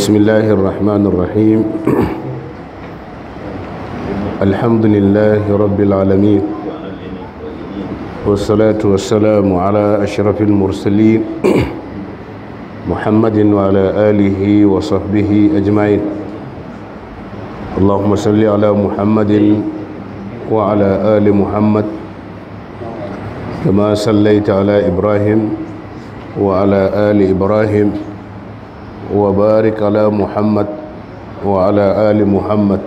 بسم الله الرحمن الرحيم الحمد لله رب العالمين والصلاة والسلام على أشرف المرسلين محمد وعلى آله وصحبه أجمعين اللهم صل على محمد وعلى آل محمد كما صليت على إبراهيم وعلى آل إبراهيم وبارك على محمد وعلى آل محمد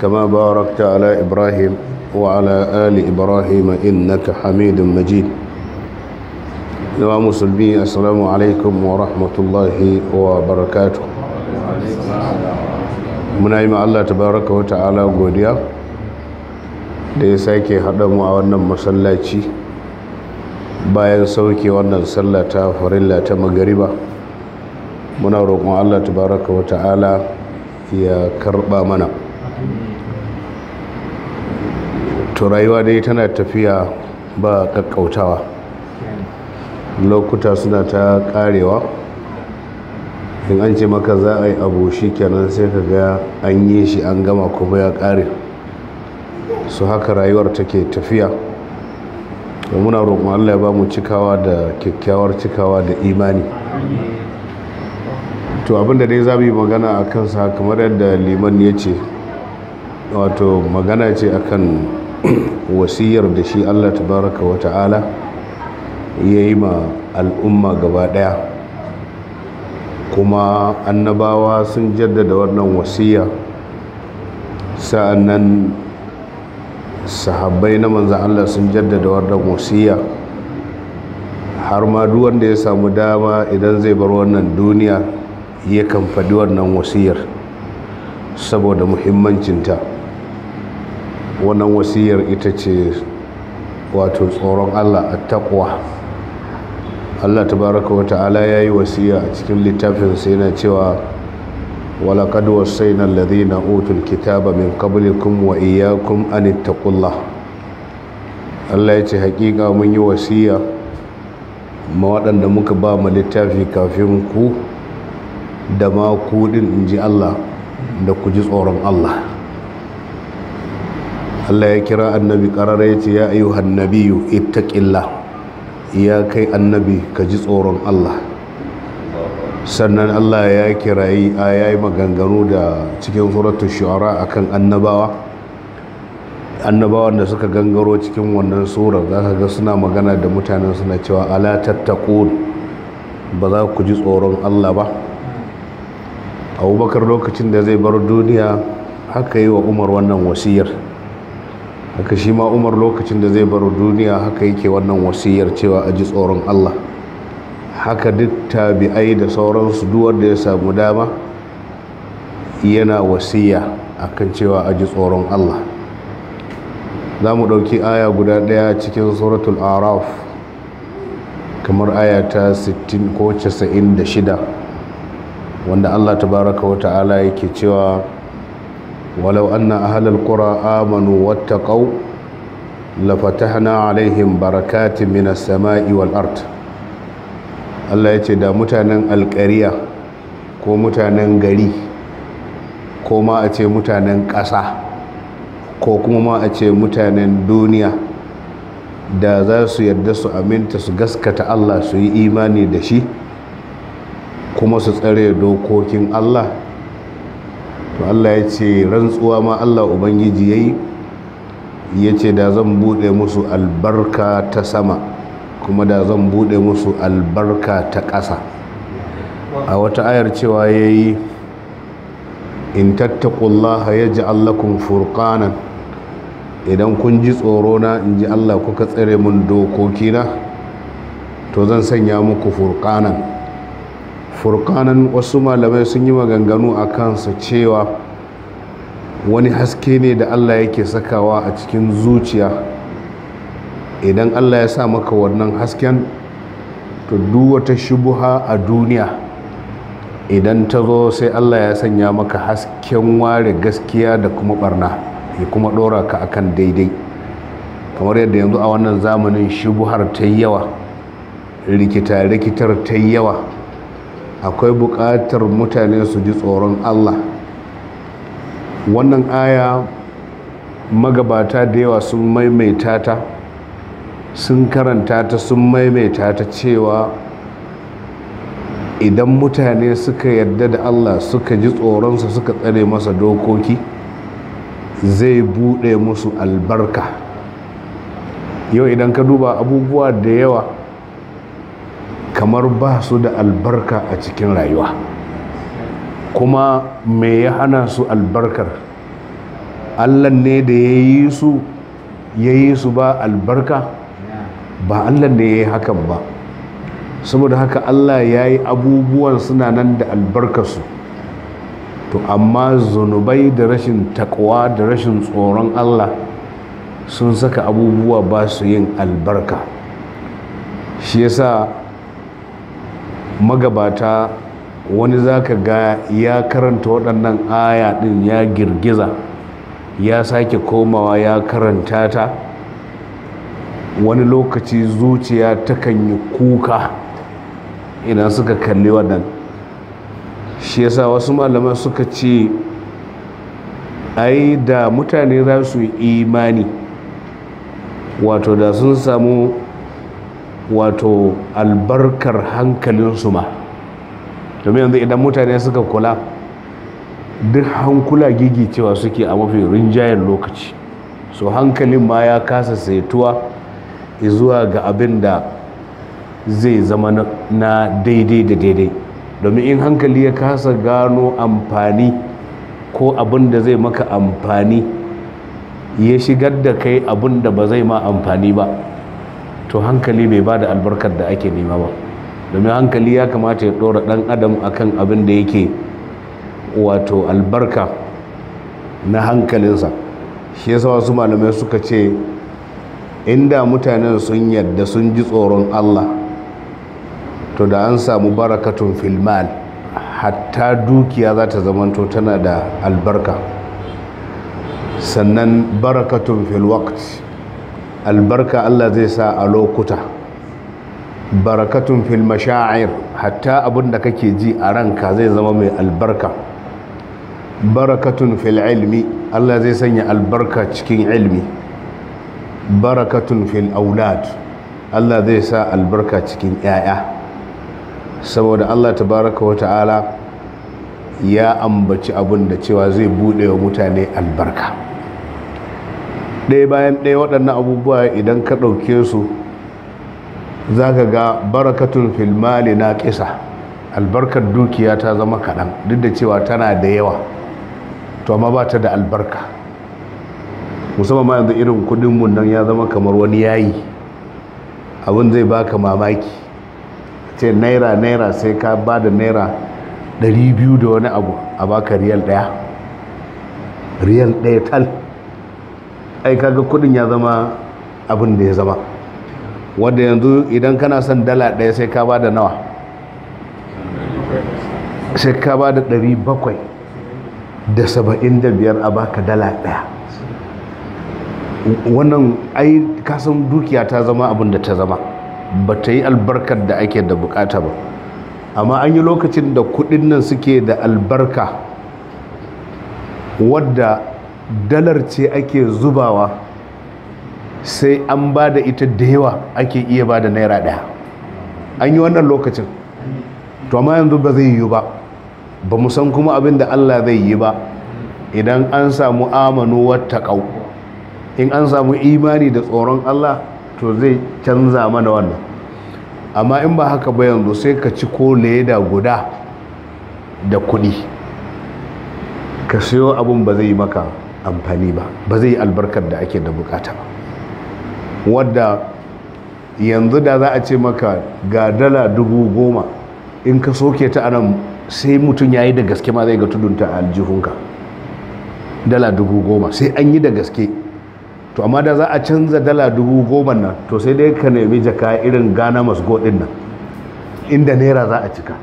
كما باركت على إبراهيم وعلى آل إبراهيم إنك حميد مجيد نوام مسلمي السلام عليكم ورحمة الله وبركاته muna yi Allah tabaraka wa ta'ala godiya da ya sake haɗa mu a wannan masallaci bayan sauke wannan sallah ta farilla ta magariba muna roƙon allah tabaraka wa ta'ala ya karɓa mana to rayuwa dai tana tafiya ba ƙaƙƙautawa lokuta suna ta ƙarewa in an ce maka za a yi abu shi kenan sai ka ga an yi shi an gama kuma ya ƙare su haka rayuwar take tafiya da muna roƙon allah ya ba mu cikawa da kyakkyawar cikawa da imani to abinda dai za mu yi magana a kansa kamar yadda liman ya ce wato magana ce akan wasiyar da shi allah tabaraka wa ta'ala ya yi ma al'umma gaba daya kuma annabawa sun jaddada wannan wasiya sa'annan sahabbai na manzan allah sun jaddada wannan wasiya har ma duk wanda ya samu dama idan zai bar wannan duniya yakan faɗi wannan wasiyar saboda muhimmancinta wannan wasiyar ita ce wato tsoron allah a taƙwa allah tabaraka baraka wata'ala ya yi wasiya a cikin littafinsa yana cewa na wasaina na otun kitaba min qablikum wa iyyakum an ittaqullah allah ya ce hakika mun yi wasiya ma waɗanda muka ba ma littafi kafin ku da ma kudin in ji Allah da ku ji tsoron Allah Allah ya kira annabi ƙarara ya ce ya ayyuhan nabiyu ittaƙilla" ya kai annabi ka ji tsoron Allah sannan Allah ya kirayi yi maganganu da cikin suratul a kan annabawa annabawan da suka gangaro cikin wannan za ka ga suna magana da mutanen suna cewa ala ba za ku ji tsoron Allah ba abubakar lokacin da zai bar duniya haka yi wa umar wannan wasiyar haka shi ma umar lokacin da zai bar duniya haka yake wannan wasiyar cewa a ji tsoron allah haka duk tabi'ai da sauransu duwar da ya samu dama yana wasiya akan cewa a ji tsoron allah za mu ɗauki aya guda ɗaya cikin suratul araf kamar aya ta 60 ko 96 wanda Allah tabaraka wa ta'ala yake cewa walau anna ahlal qura amanu wattaqau lafatahna alaihim barakatin minas sama'i wal ard Allah yace da mutanen alƙariya ko mutanen gari ko ma a ce mutanen ƙasa ko kuma ma a ce mutanen duniya da za su yarda su aminta su gaskata Allah su yi imani da shi kuma su tsare dokokin Allah to Allah ya ce rantsuwa ma Allah ubangiji yayi ya ce da zan buɗe musu albarka ta sama kuma da zan buɗe musu albarka ta ƙasa a wata ayar cewa ya yi, in ya ji allakun furkanan idan kun ji tsoro na in ji Allah kuka tsare mun dokokina to zan sanya muku furkanan furkanan wasu malamai sun yi maganganu a kansa cewa wani haske ne da allah yake sakawa a cikin zuciya idan allah ya sa maka wannan hasken to wata shubuha a duniya idan ta zo sai allah ya sanya maka hasken ware gaskiya da kuma barna ya kuma dora ka akan daidai kamar yadda yanzu a wannan zamanin shubuhar ta yawa rikita rikitar ta yawa akwai bukatar mutane su ji tsoron Allah wannan aya magabata da yawa sun maimaita ta sun karanta ta sun maimaita ta cewa idan mutane suka yarda da Allah suka ji tsoronsa suka tsare masa dokoki zai bude musu albarka yau idan ka duba abubuwa da yawa kamar ba su da albarka a cikin rayuwa kuma mai ya hana su albarkar allah ne da ya yi su ya yi su ba albarka ba allah ne ya yi hakan ba saboda haka allah ya yi abubuwan suna nan da albarkarsu to amma zunubai da rashin takwa da rashin tsoron allah sun saka abubuwa ba su yin albarka shi yasa magabata wani zaka ga ya karanta waɗannan aya ɗin ya girgiza ya sake komawa ya karanta ta wani lokaci zuciya takan yi kuka idan suka kalli waɗan shi yasa wasu malaman suka ce ai da mutane za su yi imani wato da sun samu wato albarkar hankalinsu ma domin yanzu idan mutane suka kula duk hankula gigi suke a mafi rinjayen lokaci so hankalin ma ya kasa saituwa zuwa ga abin da zai zama na daidai da daidai domin in hankali ya kasa gano amfani ko abin da zai maka amfani ya shigar da kai abin da ba zai ma amfani ba to hankali bai ba da albarkar da ake nema ba domin hankali ya kamata ya ɗora ɗan adam akan abin da yake wato albarka na hankalinsa shi yasa wasu malamai suka ce inda mutanen sun yadda sun ji tsoron allah to da an samu barakatun filmal hatta dukiya za ta zamanto tana da albarka sannan barakatun filwakt albarka Allah zai sa a lokuta barakatun fil masha'ir hatta abin da kake ji a ranka zai zama mai albarka barakatun fil ilmi Allah zai sanya albarka cikin ilmi barakatun fil aulad Allah zai sa albarka cikin 'ya'ya saboda Allah tabaraka wa ta'ala ya ambaci abin da cewa zai buɗe wa mutane albarka ɗaya bayan ɗaya waɗannan abubuwa idan ka ɗauke su za ka ga barakatun filmali na ƙisa albarkar dukiya ta zama kaɗan duk da cewa tana da yawa to amma ba ta da albarka musamman ma yanzu irin kudinmu nan ya zama kamar wani yayi abin zai baka mamaki ce naira naira sai ka ba da naira 200 da wani abu a baka riyal ɗaya riyal ɗaya tal ai kaga kudin ya zama abin da ya zama wadda yanzu idan kana son dala ɗaya sai ka ba da nawa sai ka ba da ɗari bakwai da saba'in da biyar a baka dala ɗaya wannan ai kasan dukiya ta zama abin da ta zama ba ta yi albarkar da ake da bukata ba amma an yi lokacin da kudin nan suke da albarka wadda dalar ce ake zubawa sai an ba da ita da yawa ake iya ba da naira ɗaya an yi wannan lokacin to amma yanzu ba zai yi ba ba mu san kuma abin da allah zai yi ba idan an samu amanu wata ƙau in an samu imani da tsoron allah to zai canza mana wannan amma in ba haka ba yanzu sai ka ci ko leda guda da kuɗi ka siyo abin ba zai yi maka amfani ba ba zai yi albarkar da ake da bukata ba wadda yanzu da za a ce maka ga dala dubu goma in ka soke ta anan sai mutum ya yi da gaske ma zai ga tudunta a aljihunka dala dubu goma sai an yi da gaske to amma da za a canza dala dubu goma nan to sai dai ka nemi jaka irin gana masgo din nan inda naira za a cika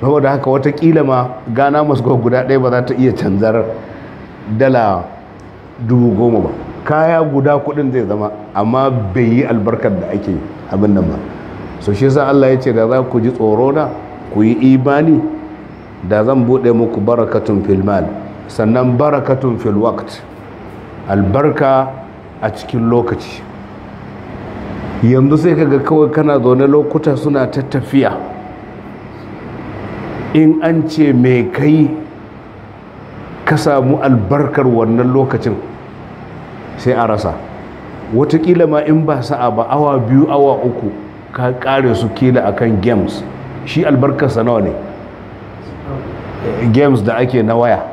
saboda haka watakila ma gana masgo guda ɗaya ba za ta iya canzar dala dubu goma ba kaya guda kudin zai zama amma bai yi albarkar da ake abin nan ba so shi sa Allah ya ce da za ku ji tsoro na ku yi imani da zan bude muku barakatun fil sannan barakatun filwakt albarka a cikin lokaci yanzu sai kaga kawai kana zaune lokuta suna ta tafiya in an ce mai kai ka samu albarkar wannan lokacin sai a rasa watakila ma in ba sa'a ba awa biyu awa uku ka kare su kila akan games shi albarkarsa nawa ne games da ake na waya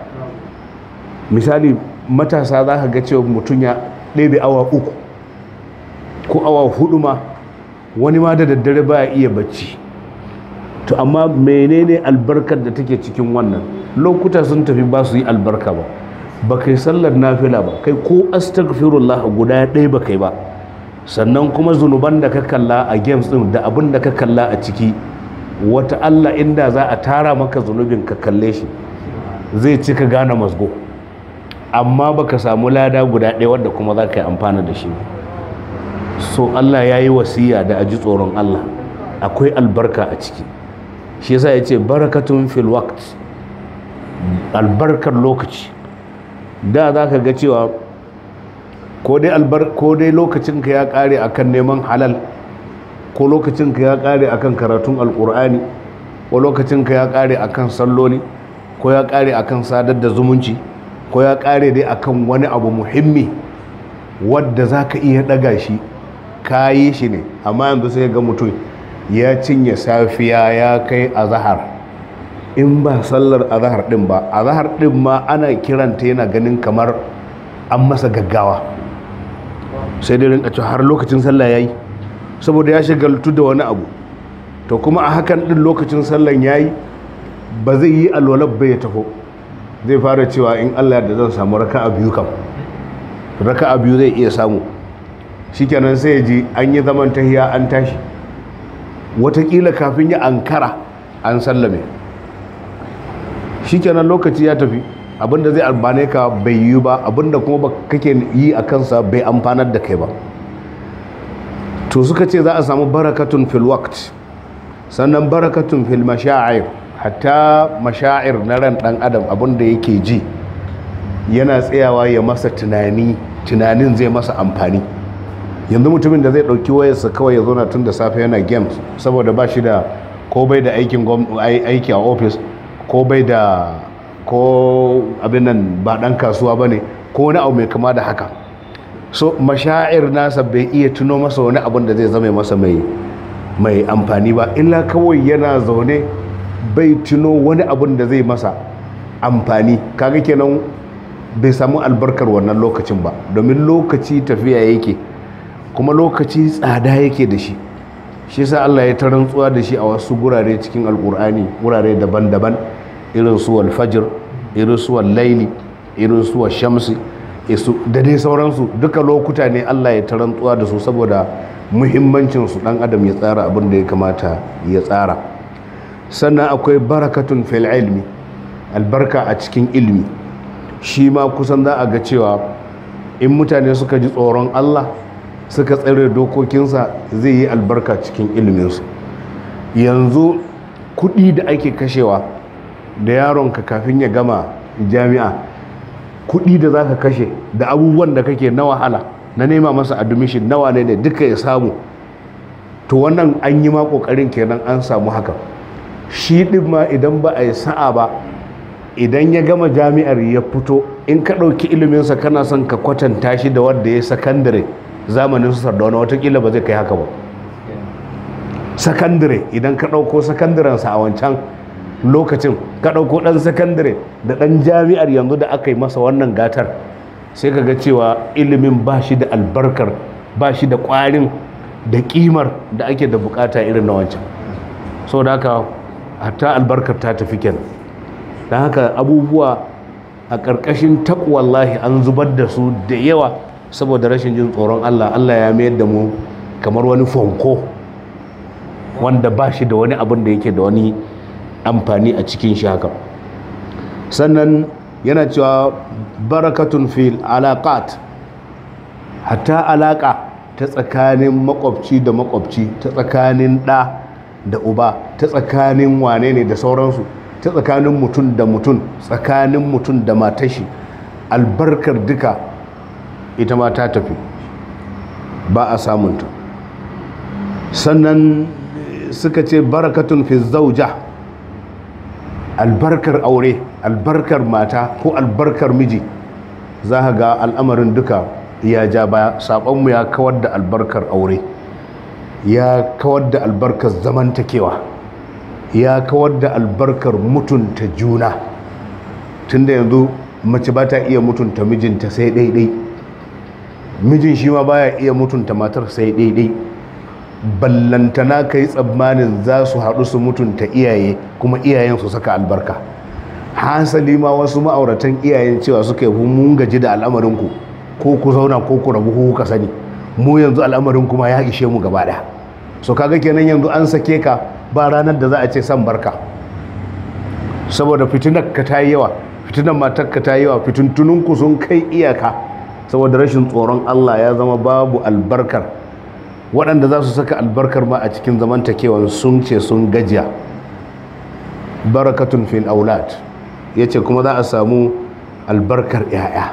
misali matasa za ka ga cewa mutum ya ɗebe awa uku ko awa hudu ma wani ma da daddare baya iya bacci to amma menene albarkar da take cikin wannan lokuta sun tafi ba su yi albarka ba ba kai sallar nafila ba kai ko astaghfirullah guda ɗaya ba kai ba sannan kuma zunuban da ka kalla a games ɗin da abin da ka kalla a ciki wata Allah inda za a tara maka zunubin ka kalle shi zai ci ka gane mazgo. amma baka samu lada guda ɗaya wadda kuma za ka yi amfana da shi so Allah ya yi wasiya da aji tsoron Allah akwai albarka a ciki shi yasa ya ce barakatun fil albarkar lokaci da za ka ga cewa ko dai albar ko dai lokacinka ya kare akan neman halal ko lokacinka ya kare akan karatun alkur'ani ko lokacinka ya kare akan salloli ko ya kare akan sadar da zumunci ko ya kare dai akan wani abu muhimmi wadda za ka iya daga shi ka yi shi ne amma yanzu sai ga mutum ya cinye safiya ya kai a zahar in ba sallar azahar din ba azahar din ma ana kiranta yana ganin kamar an masa gaggawa sai dai rinka har lokacin sallah yayi saboda ya shagaltu da wani abu to kuma a hakan din lokacin sallan yayi ba zai yi alwalar bai taho zai fara cewa in Allah da zan samu raka'a biyu kam raka'a biyu zai iya samu shi shikenan sai ya ji an yi zaman tahiya an tashi watakila kafin ya ankara an sallame shi shikenan lokaci ya tafi abinda zai albane ka bai yi ba abinda kuma ba kake yi a kansa bai amfanar da kai ba to suka ce za a samu barakatun fil waqt sannan barakatun fil masha'ir hatta masha'ir na ran dan adam abinda yake ji yana tsayawa ya masa tunani tunanin zai masa amfani yanzu mutumin da zai ɗauki wayarsa kawai ya zauna tun da safe yana games saboda ba shi da ko bai da aiki a ofis ko bai da ko abin nan ba ɗan kasuwa ba ne ko wani abu mai kama da haka so mashair nasa bai iya tuno masa wani abin da zai zama masa mai mai amfani ba illa kawai yana zaune bai tuno wani abin da zai masa amfani kaga kenan bai samu albarkar wannan lokacin ba domin lokaci tafiya yake kuma lokaci tsada yake da shi shi sa Allah ya ta da shi a wasu gurare cikin alkur'ani gurare daban-daban irin su walfajir irin su laili irin su shamsi da dai sauransu duka lokuta ne Allah ya tarantsuwa da su saboda muhimmancin su dan adam ya tsara abin da ya kamata ya tsara sannan akwai barakatun fil ilmi albarka a cikin ilmi shi ma kusan za a ga cewa in mutane suka ji tsoron Allah suka tsare dokokinsa zai yi albarka cikin ilminsu yanzu kuɗi da ake kashewa da yaronka kafin ya gama jami'a kuɗi da za ka kashe da abubuwan da kake na wahala na nema masa admission nawa ne ne duka ya samu to wannan an yi ma ƙoƙarin kenan an samu haka shi ɗin ma idan ba a yi sa'a ba idan ya gama jami'ar ya fito in ka ɗauki iliminsa kana son ka kwatanta shi da wanda ya sakandare zamanin su sardauna watakila ba zai kai haka ba sakandare idan ka ɗauko sa a wancan lokacin ka ɗauko ɗan sakandare da ɗan jami'ar yanzu da aka yi masa wannan gatar sai ka ga cewa ilimin ba shi da albarkar ba shi da ƙwarin da ƙimar da ake da buƙata irin na wancan sau da haka hatta albarkar ta tafi kenan don haka abubuwa a ƙarƙashin taƙwallahi an zubar da su da yawa saboda rashin jin tsoron allah allah ya mayar da mu kamar wani fanko wanda ba shi da wani abin da yake da wani amfani a cikin shi haka sannan yana cewa barakatun fil alaqat hatta alaka ta tsakanin makwabci da makwabci ta tsakanin ɗa da uba ta tsakanin wane ne da sauransu ta tsakanin mutum da mutum tsakanin mutum da matashi albarkar duka ita ma ta tafi ba a samunta sannan suka ce barakatun fi zauja albarkar aure albarkar mata ko albarkar miji za ka ga al'amarin duka ya ja baya saƙonmu ya kawar da albarkar aure ya kawar da albarkar zamantakewa ya kawar da albarkar mutunta juna tunda yanzu mace ba ta iya mutunta mijinta sai daidai mijin shi ma baya iya mutunta matar sai daidai ballantana yi tsammanin za su haɗu su mutunta iyaye kuma iyayen su saka albarka hasali ma wasu ma'auratan iyayen cewa suka yi mun gaji da al'amarinku ko ku zauna ko ku rabu ko sani mu yanzu al'amarin kuma ya ishe mu gaba ɗaya so kaga kenan yanzu an sake ka ba ranar da za a ce san barka saboda fitinar ka ta yi yawa fitinar matar ka ta yi yawa fitintuninku sun kai iyaka saboda rashin tsoron Allah ya zama babu albarkar waɗanda za su saka albarkar ma a cikin zamantakewan sun ce sun gajiya barakatun fil aulad ya ce kuma za a samu albarkar 'ya'ya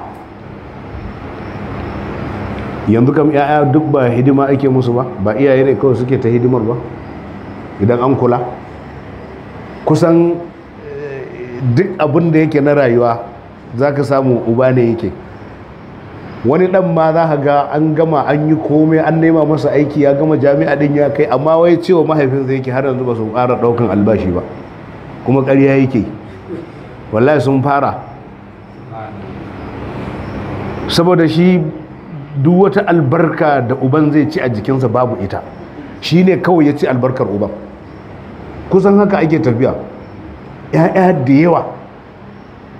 yanzu kam 'ya'ya duk ba hidima ake musu ba ba iyaye ne kawai suke ta hidimar ba idan an kula kusan eh, duk abinda yake na rayuwa za ka samu uba ne yake wani dan ma za ka ga an gama an yi komai an nema masa aiki ya gama jami'a din ya kai amma wai cewa mahaifin zai yake har yanzu ba su fara daukan albashi ba kuma ƙarya yake wallahi sun fara saboda shi duk wata albarka da uban zai ci a jikinsa babu ita shi ne kawai ya ci albarkar uban kusan haka ake tafiya 'ya'ya da yawa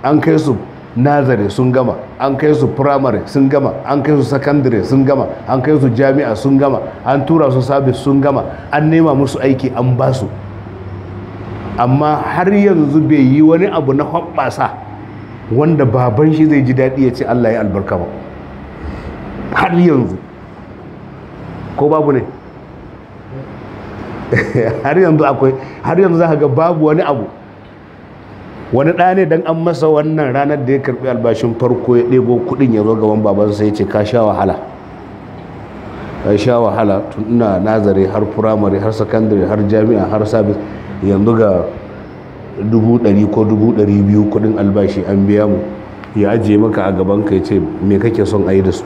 an kai su nazare sun gama an kai su primary sun gama an kai su secondary sun gama an kai su jami'a sun gama an tura su sabis sun gama an nema musu aiki an ba su amma har yanzu bai yi wani abu na hoɓɓasa wanda baban shi zai ji daɗi ya ce allah ya albarka ba har yanzu ko babu ne har yanzu akwai har yanzu za ka ga babu wani abu wani ɗa ne dan an masa wannan ranar da ya karɓi albashin farko ya ɗebo kuɗin ya zo gaban babansa ya ce ka sha wahala ka sha wahala tun ina nazare har firamare har sakandare har jami'a har sabis yanzu ga dubu ɗari ko dubu ɗari biyu kuɗin albashi an biya mu ya ajiye maka a gaban ka ya ce me kake son a yi da su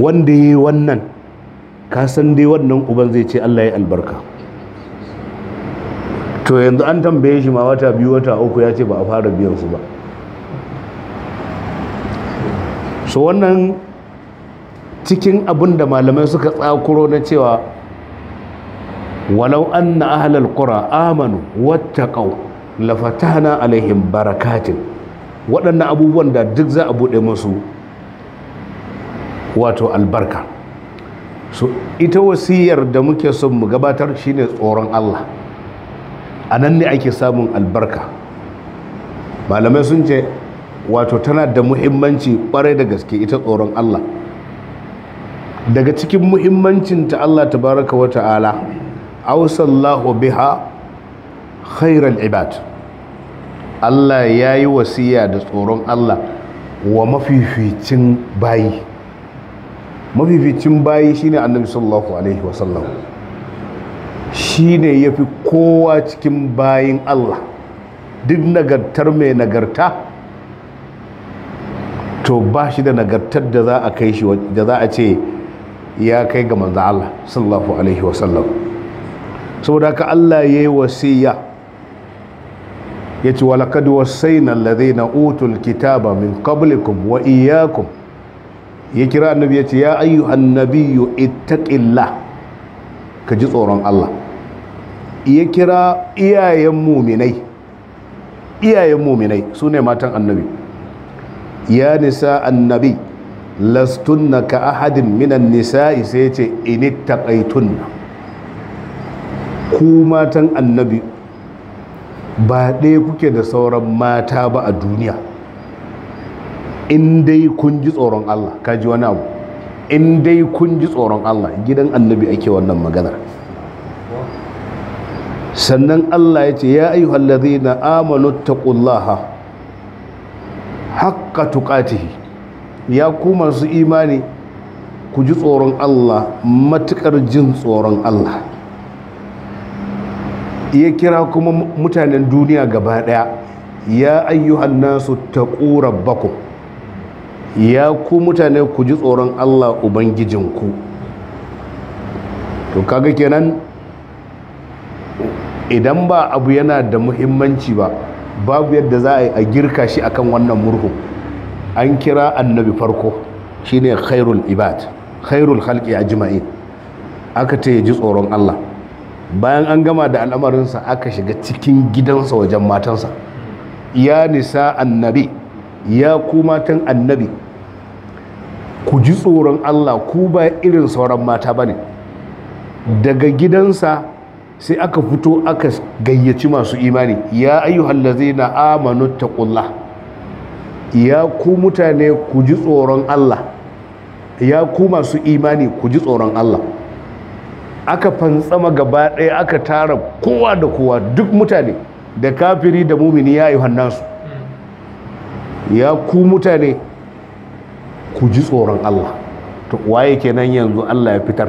wanda ya yi wannan ka san dai wannan uban zai ce allah ya albarka to yanzu an tambaye shi ma wata biyu wata uku ya ce ba a fara biyan su ba so wannan cikin abin da malamai suka tsakuro na cewa walau an na ahlal kura amanu wattaqau lafatana alaihim barakatin waɗannan abubuwan da duk za a buɗe musu wato albarka so ita wasiyar da muke son mu gabatar shine tsoron Allah a nan ne ake samun albarka malamai sun ce wato tana da muhimmanci kwarai da gaske ita tsoron Allah daga cikin ta Allah ta baraka wa ta'ala ausallahu biha khairan ibad Allah ya yi wasiya da tsoron Allah wa mafificin bayi mafificin bayi shine annabi sallallahu alaihi wasallam shi ne ya fi kowa cikin bayan Allah duk nagartar mai nagarta to ba shi da nagartar da za a kai shi da za a ce ya kai ga manzo Allah sallallahu alaihi wasallam saboda haka Allah ya yayi wasiya yace walaqad wasayna alladhina utul kitaba min qablikum wa iyyakum ya kira annabi ce ya ayyuhan nabiyyu ittaqillah ka ji tsoron Allah ya kira iyayen muminai iyayen muminai su ne matan annabi ya nisa annabi lastunna ka ahadin minan nisa'i sai ce ini ku matan annabi ba ɗaya kuke da sauran mata ba a duniya in dai kun ji tsoron Allah kaji wani abu in dai kun ji tsoron Allah gidan annabi ake wannan maganar sannan Allah ya ce ya ayyuhal ladhina amanu taqullaha haqqa tuqatihi ya ku masu imani ku ji tsoron Allah matuƙar jin tsoron Allah ya kira kuma mutanen duniya gaba ɗaya ya ayyuhan ta ƙura bako ya ku mutane ku ji tsoron Allah ubangijinku to kaga kenan idan ba abu yana da muhimmanci ba babu yadda za a yi a girka shi akan wannan murhu an kira annabi farko shine khairul ibad khairul a jima'i. aka ta yi ji tsoron Allah bayan an gama da al'amarinsa aka shiga cikin gidansa wajen matansa ya nisa annabi ya ku matan annabi ku ji tsoron Allah ku ba irin sauran mata bane daga gidansa sai aka fito aka gayyaci masu imani ya na amanu taqullah ya ku mutane ku ji tsoron Allah ya ku masu imani ku ji tsoron Allah aka fantsama gaba ɗaya aka tara kowa da kowa duk mutane da kafiri da mumini ya ayyuhan nasu ya ku mutane ku ji tsoron Allah to waye kenan yanzu Allah ya fitar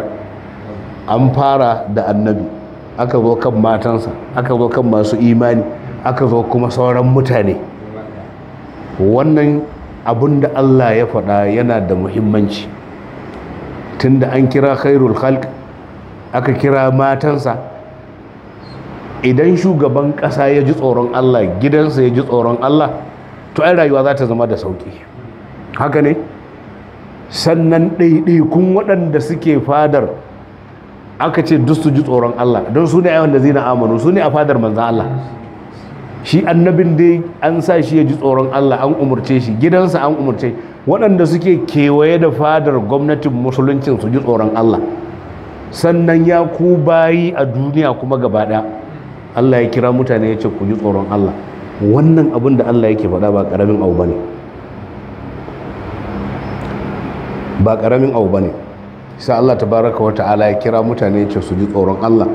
an fara da annabi aka zo kan matansa aka zo kan masu imani aka zo kuma sauran mutane wannan abin da Allah ya faɗa yana da muhimmanci tunda an kira khairul khalq aka kira matansa idan shugaban ƙasa ya ji tsoron Allah gidansa ya ji tsoron Allah to ai rayuwa za ta zama da sauƙi haka ne sannan ɗaiɗaikun waɗanda suke fadar aka ce duk su ji tsoron Allah don su ne da zina amanu su ne a fadar manzan Allah shi annabin dai an sa shi ya ji tsoron Allah an umarce shi gidansa an umurce waɗanda suke kewaye da fadar gwamnatin musuluncin su ji tsoron Allah sannan ya ku bayi a duniya kuma gaba Allah ya kira mutane ya ce ku ji tsoron Allah wannan abin da Allah yake faɗa ba ƙaramin abu bane ba ƙaramin abu bane sai Allah ta baraka wa ta'ala ya kira mutane ce su ji tsoron Allah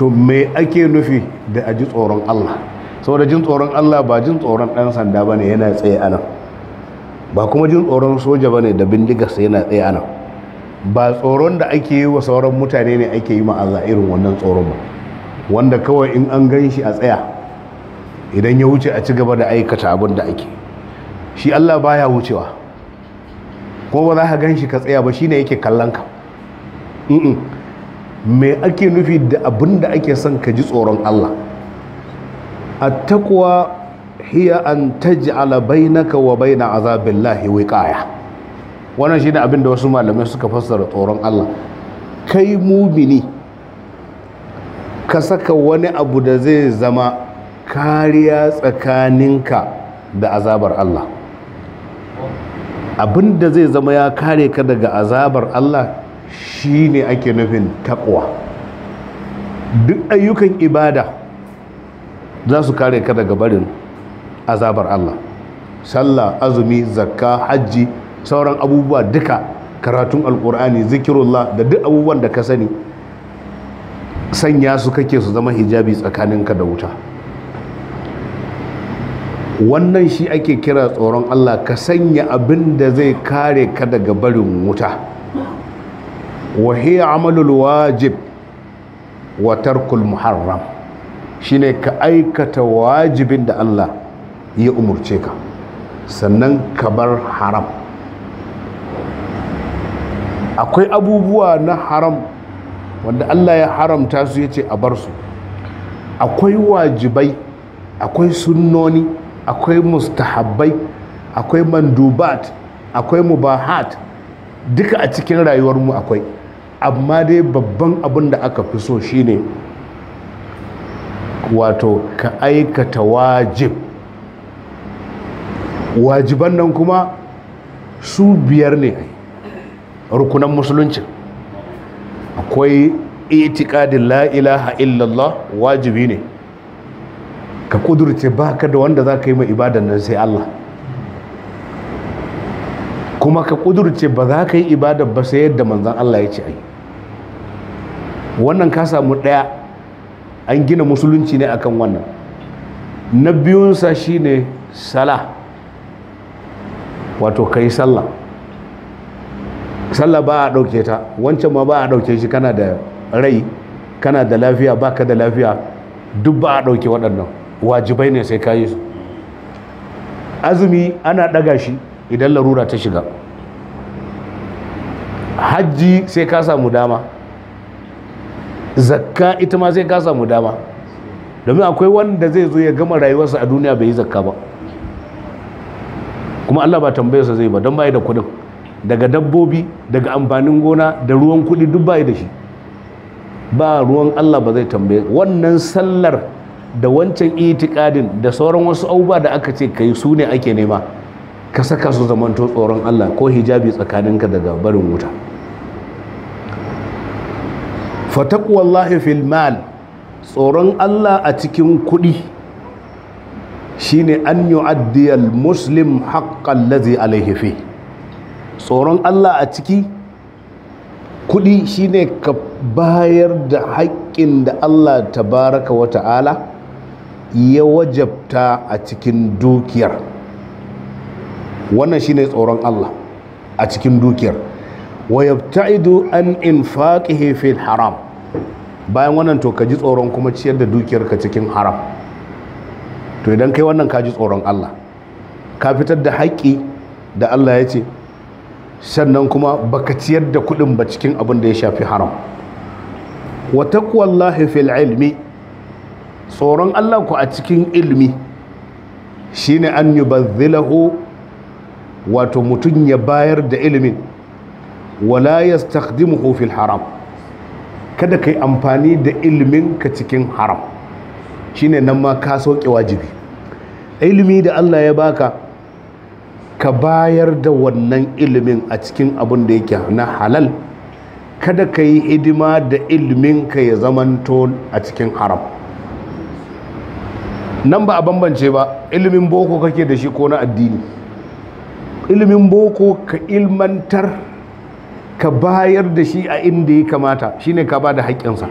to me ake nufi da a ji tsoron Allah saboda jin tsoron Allah ba jin tsoron ɗan sanda ba ne yana tsaye nan, ba kuma jin tsoron soja ba ne da bindigarsa yana tsaye nan, ba tsoron da ake yi wa sauran mutane ne ake yi ma'aza irin wannan tsoron ba wanda kawai in an gan shi a tsaya idan ya wuce a ci gaba da aikata abin da ake shi Allah baya wucewa ko ba za ka gan shi ka tsaya ba shine yake kallon ka me ake nufi da abin da ake son ka ji tsoron Allah A takwa hiya an taj'ala bainaka wa baina azabillahi wiqaya wannan shine abin da wasu malamai suka fassara tsoron Allah kai mumini ka saka wani abu da zai zama kariya tsakaninka da azabar Allah Abin da zai zama ya kare ka daga azabar Allah shi ne ake nufin takwa duk ayyukan ibada za su kare ka daga barin azabar Allah sallah azumi zakka hajji sauran abubuwa duka karatun alkur'ani zikirullah da duk abubuwan da ka sani sanya su kake su zama hijabi tsakaninka da wuta wannan shi ake kira tsoron Allah ka sanya abin da zai kare ka daga barin wuta wa amalul wajib wa tarkul muharram shine ka aikata wajibin da Allah ya umurce ka sannan ka bar haram akwai abubuwa na haram wanda Allah ya haramta su yace a bar su akwai wajibai akwai sunnoni akwai mustahabbai akwai mandubat akwai mubahat duka a cikin rayuwar mu akwai amma dai babban abin da aka fi so shine wato ka aikata wajib wajiban nan kuma su biyar ne rukunan musulunci akwai itikadin la ilaha illallah wajibi ne ka kudurce ba ka da wanda za ka yi mai ibadan nan sai Allah kuma ka kudurce ba za ka yi ibada ba sai yadda manzan Allah ya ce ai wannan ka samu ɗaya an gina musulunci ne akan wannan na biyunsa shi ne sala wato ka yi sallah sallah ba a ɗauke ta wancan ma ba a ɗauke shi kana da rai kana da lafiya ba ka da lafiya duk ba a ɗauke waɗannan wajibai ne sai ka yi su azumi ana ɗaga shi idan larura ta shiga hajji sai ka samu dama zakka ita ma sai ka samu dama domin akwai wanda zai zo ya gama rayuwarsa a duniya bai yi zakka ba kuma allah ba tambayarsa zai ba don bayi da kudin daga dabbobi daga amfanin gona da ruwan kudi duk bayi da shi ba ruwan allah ba zai tambaye wannan sallar da wancan itikadin da sauran wasu abubuwa da aka ce kai su ne ake nema ka saka su zamanto tsoron Allah ko hijabi tsakaninka daga barin wuta fataqwallahi fil mal tsoron Allah a cikin kuɗi shine an yu'addi al muslim haqqal ladhi alayhi fi tsoron Allah a ciki kuɗi shine ka bayar da haƙƙin da Allah tabaraka wa ta'ala ya wajabta a cikin dukiyar wannan shine tsoron Allah a cikin dukiyar wa yabta'idu an infaqihi fil haram bayan wannan to ka tsoron kuma ciyar da dukiyar ka cikin haram to idan kai wannan kaji ji tsoron Allah ka fitar da haƙƙi da Allah ya ce sannan kuma baka ciyar da kuɗin ba cikin abin da ya shafi haram wa taqwallahi fil ilmi tsoron Allah ku a cikin ilimi shine an yubadhilahu wato mutum ya bayar da ilimin wala ya yastakhdimuhu fil haram kada ka yi amfani da ilimin ka cikin haram shine nan ma ka sauke wajibi ilimi da Allah ya baka ka bayar da wannan ilimin a cikin abin da yake na halal kada ka yi hidima da ilimin ka ya zamanto a cikin haram nan ba a bambance ba ilimin boko kake da shi ko na addini ilimin boko ka ilmantar ka bayar da shi a inda ya kamata shine ka ba da haƙƙinsa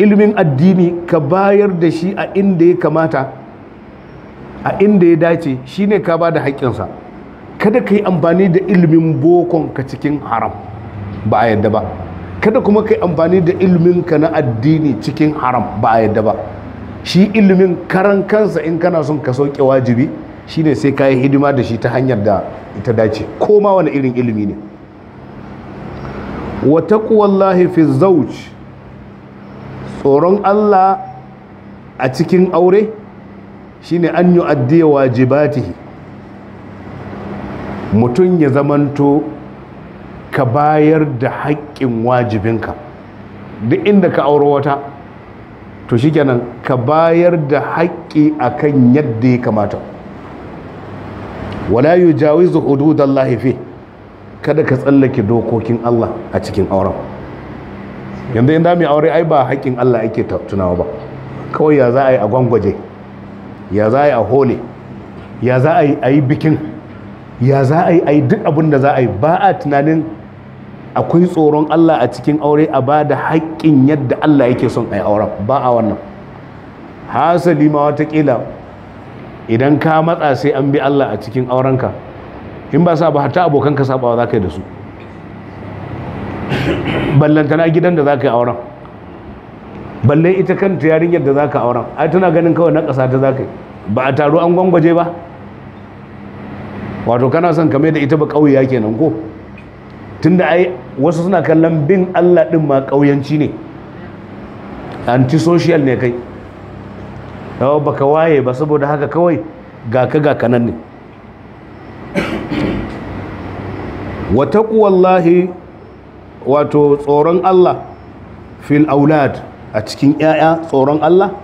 ilimin addini ka bayar da shi a inda ya kamata a inda ya dace shine ka ba da haƙƙinsa kada ka yi amfani da ilimin bokon ka cikin haram ba a yadda ba kada kuma ka yi amfani da ilimin ka na addini cikin haram ba a yadda ba shi ilimin karan kansa in kana son ka sauke wajibi shine sai ka yi hidima da shi ta hanyar da ita dace koma wani irin ilimi ne wa taqwallahi fi zawj tsoron Allah a cikin aure shine an yu'addi wajibatihi mutum ya zamanto ka bayar da haƙƙin wajibinka duk inda ka auro wata to shikenan ka bayar da haƙƙi akan yadda ya kamata wala yujawizu hududallahi fi kada ka tsallake dokokin Allah a cikin auren yanzu inda mai aure ai ba haƙƙin Allah ake tunawa ba kawai ya za a yi a gwangwaje ya za a yi a hole ya za a yi bikin ya za a yi duk abin da za a yi ba a tunanin akwai tsoron Allah a cikin aure a ba da haƙƙin yadda Allah yake son a yi auren ba a wannan hasali ma watakila idan ka matsa sai an bi Allah a cikin aurenka in ba sa ba hatta abokanka sabawa za ka yi da su ballantana gidan da za ka yi auren balle ita kan yarinyar da za ka auren ai tana ganin kawai na ƙasa ta za ka yi ba a taro an gwangwaje ba wato kana son kame da ita ba ƙauya kenan ko tun ai wasu suna kallon bin Allah ɗin ma kauyanci ne antisocial ne kai baka waye ba saboda haka kawai ga ka ga kanan ne wa taqwallahi wato tsoron Allah fil aulad a cikin yaya tsoron Allah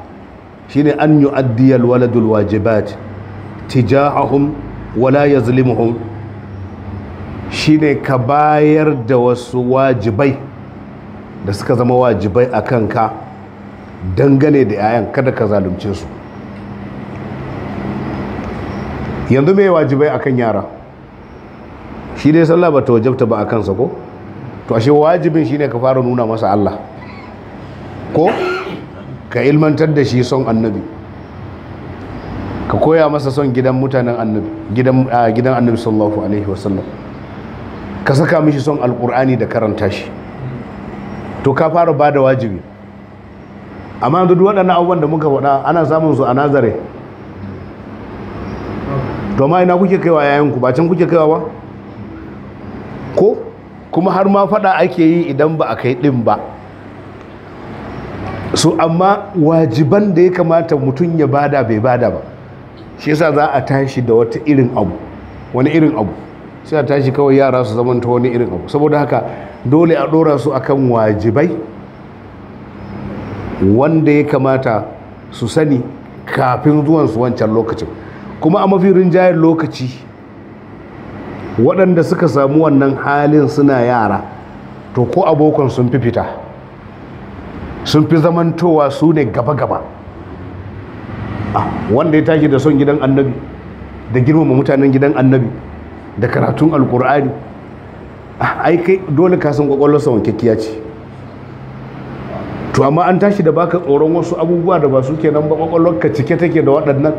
shi ne an yi addiyar waladul wajibat tijahahum wala yazlimuhum shine ka bayar da wasu wajibai da suka zama wajibai a kanka dangane da 'ya'yan kada ka zalunce su yanzu mai wajibai kan yara shi dai sallah ba ta wajabta ba a kansa ko to ashe wajibin shine ka fara nuna masa Allah ko ka ilmantar da shi son annabi ka koya masa son gidan mutanen annabi gidan annabi sallallahu alaihi wasallam ka saka mishi son alkur'ani da karanta shi to ka fara ba da wajibi amma duk waɗannan abubuwan da muka faɗa ana samun su a nazare to ma ina kuke kaiwa yayanku ba can kuke kaiwa ba ko kuma har ma faɗa ake yi idan ba a kai ɗin ba su amma wajiban da ya kamata mutum ya bada bai bada ba shi yasa za a tashi da wata irin abu wani irin abu sai a tashi kawai yara su zamanta wani irin abu saboda haka dole a dora su akan wajibai wanda ya kamata su sani kafin zuwan su wancan lokacin kuma a mafi rinjayen lokaci waɗanda suka samu wannan halin suna yara to ko abokan sun fi fita sun fi zamantowa su ne gaba-gaba ah, wanda ya tashi da son gidan annabi da girmama mutanen gidan annabi da karatun alkur'ani ai kai dole ka san sa wankakkiya ce to amma an tashi da baka tsoron wasu abubuwa da ba su nan ba ka cike take da waɗannan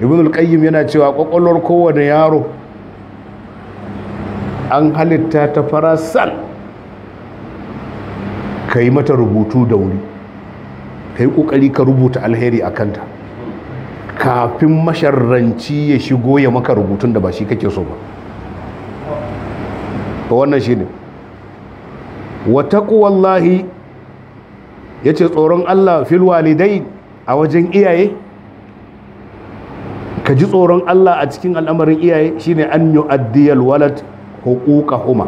ibn al yana cewa kwakwalwar kowane yaro an halitta ta farasal ka yi mata rubutu da wuri ka yi ƙoƙari ka rubuta alheri a kanta kafin masharranci ya shigo ya maka rubutun da ba shi kake so ba to wannan shine wa taqwallahi yace tsoron Allah fil walidai a wajen iyaye ka ji tsoron Allah a cikin al'amarin iyaye shine an yu'addiyal walad huquqahuma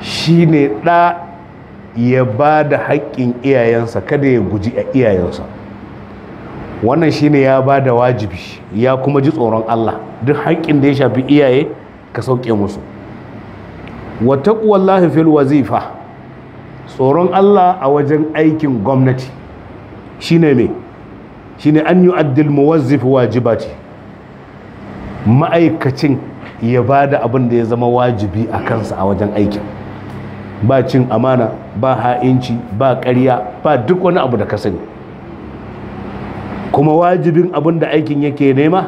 shine da ya ba da haƙƙin iyayensa kada ya guji a iyayensa wannan shine ya ba da wajibi ya kuma ji tsoron Allah duk haƙƙin da ya shafi iyaye ka sauƙe musu wa taqwallahi fil wazifa tsoron Allah a wajen aikin gwamnati shine me shine an yu'addil wajiba wajibati ma'aikacin ya ba da abin da ya zama wajibi a kansa a wajen aikin ba cin amana ba ha'inci ba ƙarya ba duk wani abu da kasani kuma wajibin abin da aikin yake nema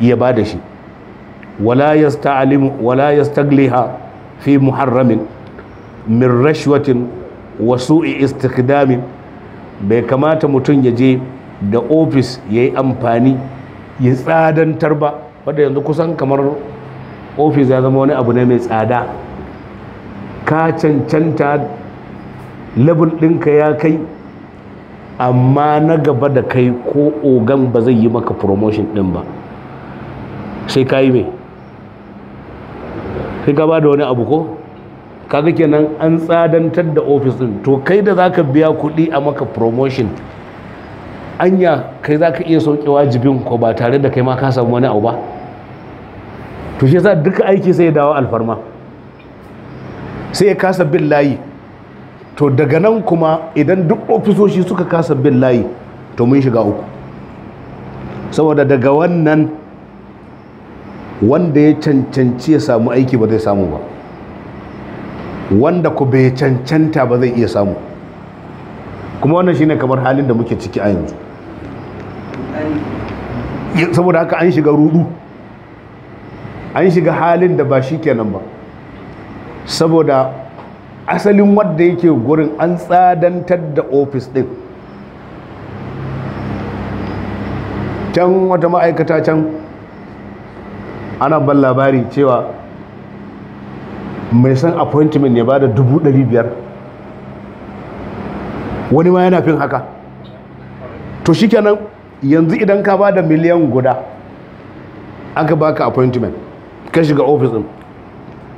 ya ba da shi wala yasta'limu fi muharramin min rashwatin wa su'i istiqdamin bai kamata mutum ya je da ofis ya yi amfani ya tsadantar ba wadda yanzu kusan kamar ofis ya zama wani abu ne mai tsada ka cancanta labul ɗinka ya kai amma na gaba da kai ko ogan ba zai yi maka promotion ɗin ba sai ka yi mai sai ka ba da wani abu ko kaga kenan an tsadantar da ofis din to kai da zaka biya kuɗi a maka promotion anya kai zaka iya sauke wajibin ko ba tare da kai ma ka samu wani abu ba to shi yasa duka aiki sai ya dawo alfarma sai ya kasa bin layi to daga nan kuma idan duk ofisoshi suka kasa bin layi to mun shiga uku saboda daga wannan wanda ya cancanci ya samu aiki ba zai samu ba wanda ku bai cancanta ba zai iya samu kuma wannan shine kamar halin da muke ciki a yanzu saboda haka an shiga rudu an shiga halin da ba shi kenan ba saboda asalin wadda yake gurin an tsadantar da ofis din can wata ma'aikata can ana ban labari cewa mai san appointment ya ba da dubu ɗari biyar wani ma yana fin haka to shikenan yanzu idan ka ba da miliyan guda aka baka appointment ka shiga ofis ɗin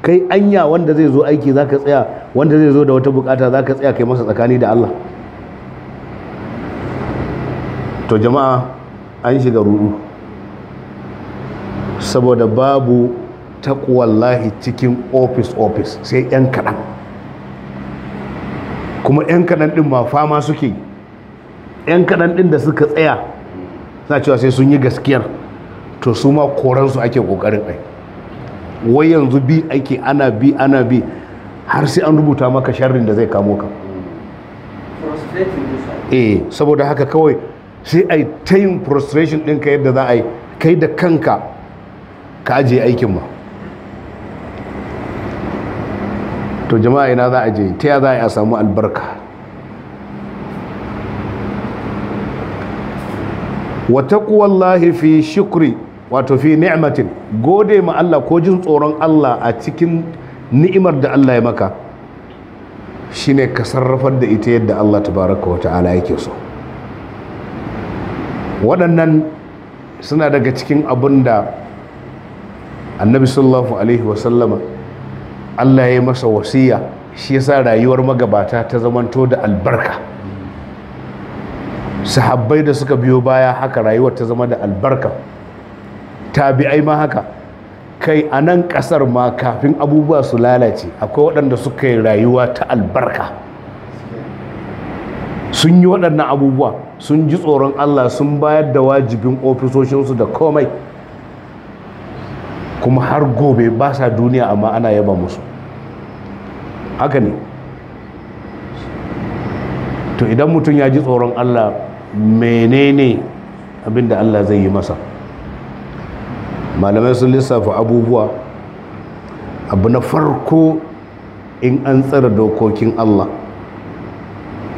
kai anya wanda zai zo aiki za ka tsaya wanda zai zo da wata bukata za ka tsaya kai masa tsakani da Allah to jama'a an shiga ruɗu saboda babu takwallahi cikin ofis-ofis sai 'yan kaɗan kuma 'yan kaɗan ɗin ma fama suke 'yan kaɗan ɗin da suka tsaya na cewa sai sun yi gaskiyar to su ma koransu ake ƙoƙarin ɗai wai yanzu bi ake ana bi ana bi har sai an rubuta maka sharrin da zai kamo ka eh saboda haka kawai sai ai ta yin prostration ɗinka yadda za a kai da kanka ka ajiye aikin ba to jama'a ina za a je ta ya za a samu albarka wata kuwallahi fi shukri wato fi ni'matin gode ma Allah ko jin tsoron Allah a cikin ni'imar da Allah ya maka shine ka sarrafar da ita yadda Allah tabaraka wa ta'ala yake so waɗannan suna daga cikin abin da annabi sallallahu alaihi wasallama Allah ya yi masa wasiya shi yasa rayuwar magabata ta zamanto da albarka sahabbai da suka biyo baya haka rayuwar ta zama da albarka tabi'ai ma haka kai a nan kasar ma kafin abubuwa su lalace akwai waɗanda suka yi rayuwa ta albarka sun yi waɗannan abubuwa sun ji tsoron Allah sun bayar da wajibin ofisoshinsu da komai kuma har gobe ba sa duniya amma ana yaba musu haka ne to idan mutum ya ji tsoron allah menene abinda allah zai yi masa malamai sun lissafa abubuwa abu na farko in an tsara dokokin allah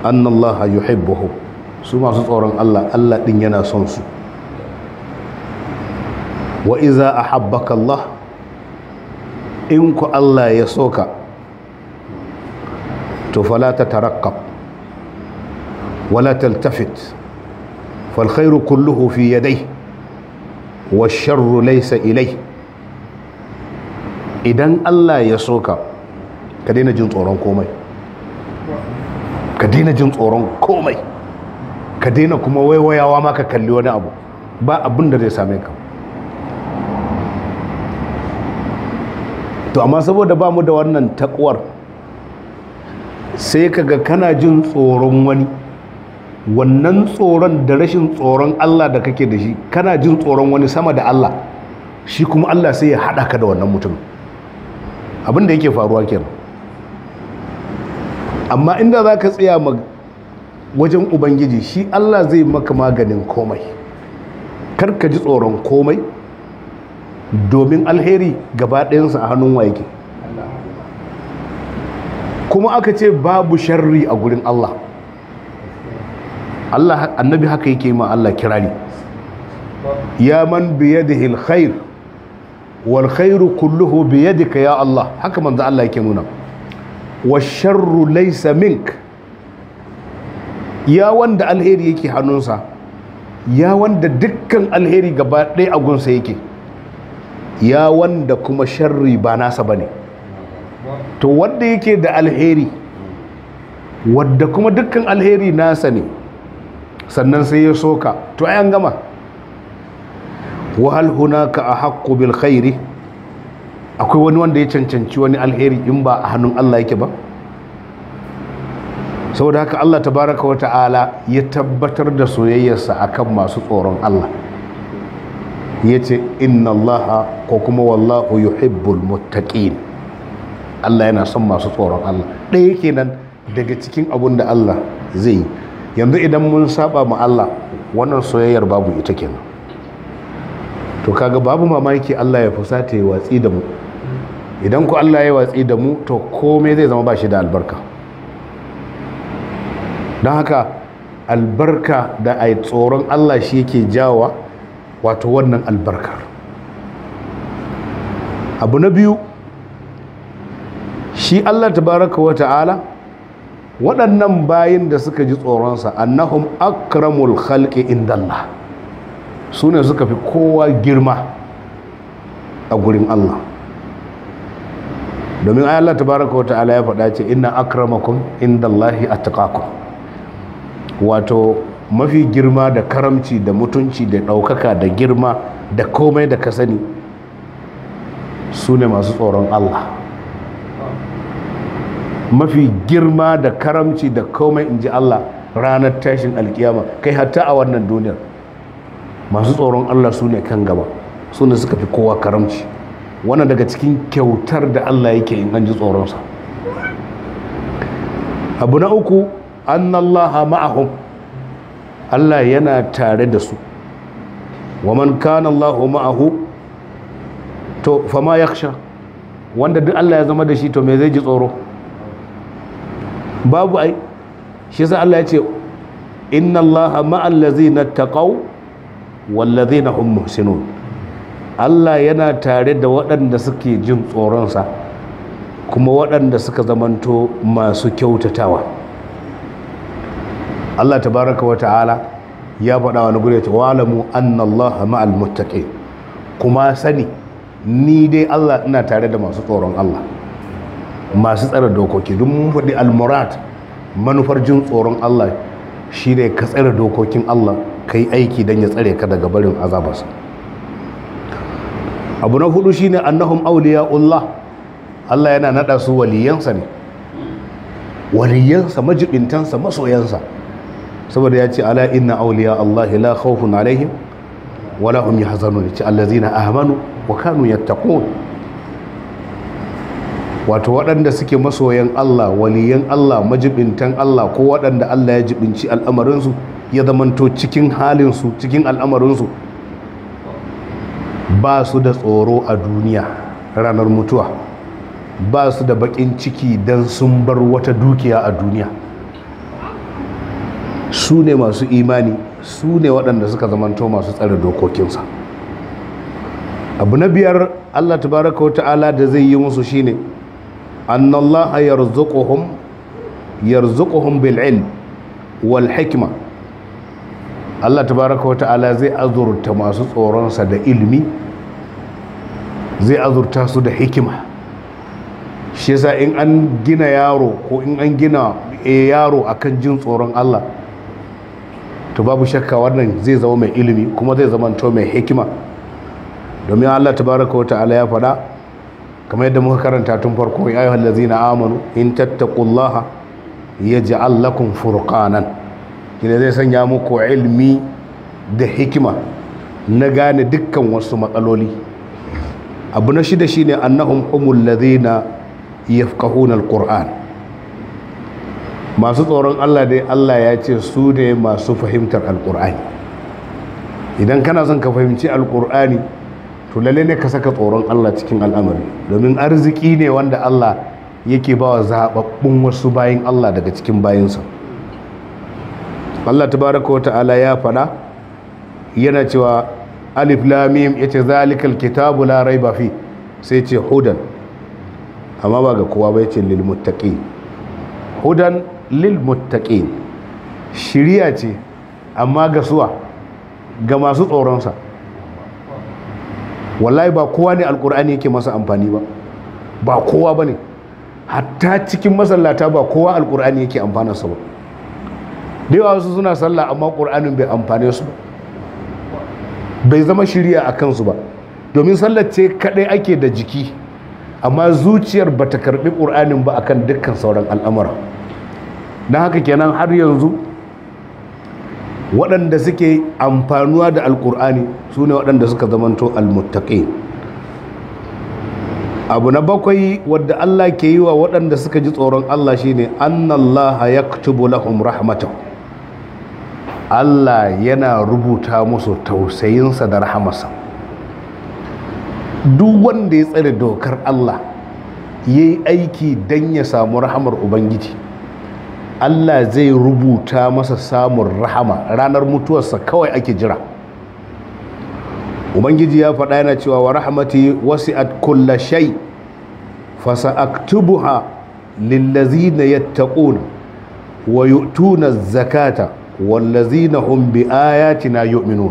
annallaha yuhibbuhu su masu tsoron allah allah din yana son su wa iza habbaka Allah in ku Allah ya soka to fala tatarakkab wala taltafit fal khairu kulluhu fi wa washarru laysa ilai idan Allah ya soka ka daina jin tsoron komai ka daina jin tsoron komai ka daina kuma waiwayawa ma ka kalli wani abu ba abin da zai same ka to amma saboda ba mu da wannan takwar sai kaga kana jin tsoron wani wannan tsoron da rashin tsoron Allah da kake da shi kana jin tsoron wani sama da Allah shi kuma Allah sai ya haɗa ka da wannan mutum abin da yake faruwa kenan amma inda za ka tsaya wajen ubangiji shi Allah zai maka maganin komai kar ka ji tsoron komai domin alheri gaba ɗayansa a hannun wa kuma aka ce babu sharri a gurin Allah annabi haka yake ma Allah kirari ya man biyadihi alkhair wal khairu kulluhu biyadika ya Allah haka manzo Allah yake nuna wa sharru laisa mink ya wanda alheri yake hannunsa ya wanda dukkan alheri gaba ɗaya a gunsa yake ya wanda kuma sharri ba nasa ba ne to wanda yake da alheri wadda kuma dukkan alheri nasa ne sannan sai ya soka to ayan gama wahal hunaka a haƙƙo bil khairi akwai wani wanda ya cancanci wani alheri in ba a hannun Allah yake ba saboda haka Allah baraka wata ala ya tabbatar da soyayyarsa a kan masu tsoron Allah ya ce inna allaha ko kuma wallahu yuhibbul muttaqin Allah yana son masu tsoron Allah ɗaya kenan daga cikin abun da Allah zai yi yanzu idan mun saba ma Allah wannan soyayyar babu ita kenan to kaga babu mamaki Allah ya fusata ya watsi da mu idan ku Allah ya watsi da mu to komai zai zama ba shi da albarka don haka albarka da a tsoron Allah shi yake jawa wato wannan albarkar abu na biyu shi Allah tabaraka wa ta'ala waɗannan bayin da suka ji tsoronsa annahum akramul khalqi indallah su ne suka fi kowa girma a gurin Allah domin ayi Allah tabaraka wa ta'ala ya faɗa ce inna akramakum indallahi attaqakum wato mafi girma da karamci da mutunci da ɗaukaka da girma da komai da ka sani su ne masu tsoron Allah mafi girma da karamci da komai in ji Allah ranar tashin alkiyama kai hatta a wannan duniyar masu tsoron Allah su ne kan gaba su ne suka fi kowa karamci wannan daga cikin kyautar da Allah yake in an ji tsoronsa abu na uku "An Allah ma'ahum Allah yana tare da su wa man kana Allahu ma'ahu to fama yakhsha wanda duk Allah ya zama da shi to me zai ji tsoro babu ai shi yasa Allah ya ce inna Allaha ma'al ladzina taqaw wal ladzina hum muhsinun Allah yana tare da waɗanda suke jin tsoron sa kuma waɗanda suka zamanto masu kyautatawa Allah tabaraka wa ta'ala ya faɗa wani gure ta walamu anna Allah ma'al muttaqin kuma sani ni dai Allah ina tare da masu tsoron Allah masu tsare dokoki duk mun faɗi al-murad manufar jin tsoron Allah shi ne ka tsare dokokin Allah ka yi aiki don ya tsare ka daga barin azabarsa abu na hudu shi ne annahum auliya'ullah Allah yana naɗa su waliyansa ne waliyansa majibintansa masoyansa saboda ya ce ala inna auliya Allah la khawfun alaihim wala hum yahzanun ce allazina amanu wa kanu yattaqun wato waɗanda suke masoyan Allah waliyan Allah majibintan Allah ko waɗanda Allah ya jibinci al'amarinsu ya zamanto cikin halinsu cikin al'amarinsu ba su da tsoro a duniya ranar mutuwa ba su da bakin ciki dan sun bar wata dukiya a duniya su ne masu imani su ne waɗanda suka zamanto masu tsare dokokinsa abu na biyar allah tabaraka wa ta'ala da zai yi musu shine annallaha yarzuquhum yarzuquhum bil ilm wal hikma allah tabaraka wa ta'ala zai azurta masu tsoronsa da ilmi zai azurta su da hikima shi yasa in an gina yaro ko in an gina yaro akan jin tsoron allah to babu shakka wannan zai zama mai ilimi kuma zai zama to mai hikima domin Allah tabaraka wa ta'ala ya faɗa kamar yadda muka karanta tun farko ya ayyuhal ladzina amanu in tattaqullaha yaj'al lakum furqanan kina zai sanya muku ilimi da hikima na gane dukkan wasu matsaloli abu na shida shine annahum humul ladzina yafqahuna alquran masu tsoron Allah dai Allah ya ce su ne masu fahimtar alkur'ani idan kana son ka fahimci alkur'ani to lalle ne ka saka tsoron Allah cikin al'amari domin arziki ne wanda Allah yake ba wa zaɓaɓɓun wasu bayin Allah daga cikin bayinsa Allah tabaraka wa ta'ala ya fada yana cewa alif lamim yace zalikal kitabu la raiba fi sai ce hudan amma ba ga kowa ba yace lil hudan lil shiriya ce amma ga suwa ga masu tsoronsa wallahi ba kowa ne alkur'ani yake masa amfani ba ba kowa ba ne hatta cikin masallata ba kowa alkur'ani yake sa ba da wasu suna sallah amma ƙur'anin bai amfane su ba bai zama shiriya a kansu ba domin sallar ce kaɗai ake da jiki amma zuciyar ba ta karɓi ƙur'anin ba akan dukkan sauran al'amura don haka kenan har yanzu waɗanda suke amfanuwa da Alƙur'ani su ne waɗanda suka zamanto almuttaƙi abu na bakwai wadda allah ke yi wa waɗanda suka ji tsoron allah shine annallaha yaktubu lahum rahmatahu allah yana rubuta musu tausayinsa da rahamarsa duk wanda ya tsare dokar allah ya yi aiki don ya samu rahamar ubangiji Allah zai rubuta masa samun rahama ranar mutuwarsa kawai ake jira ubangiji ya faɗa yana cewa wa rahmati wasi'at kulla shay fasa'aktubuha lillazina yattaquna wa yu'tuna zakata wallazina hum bi ayatina yu'minun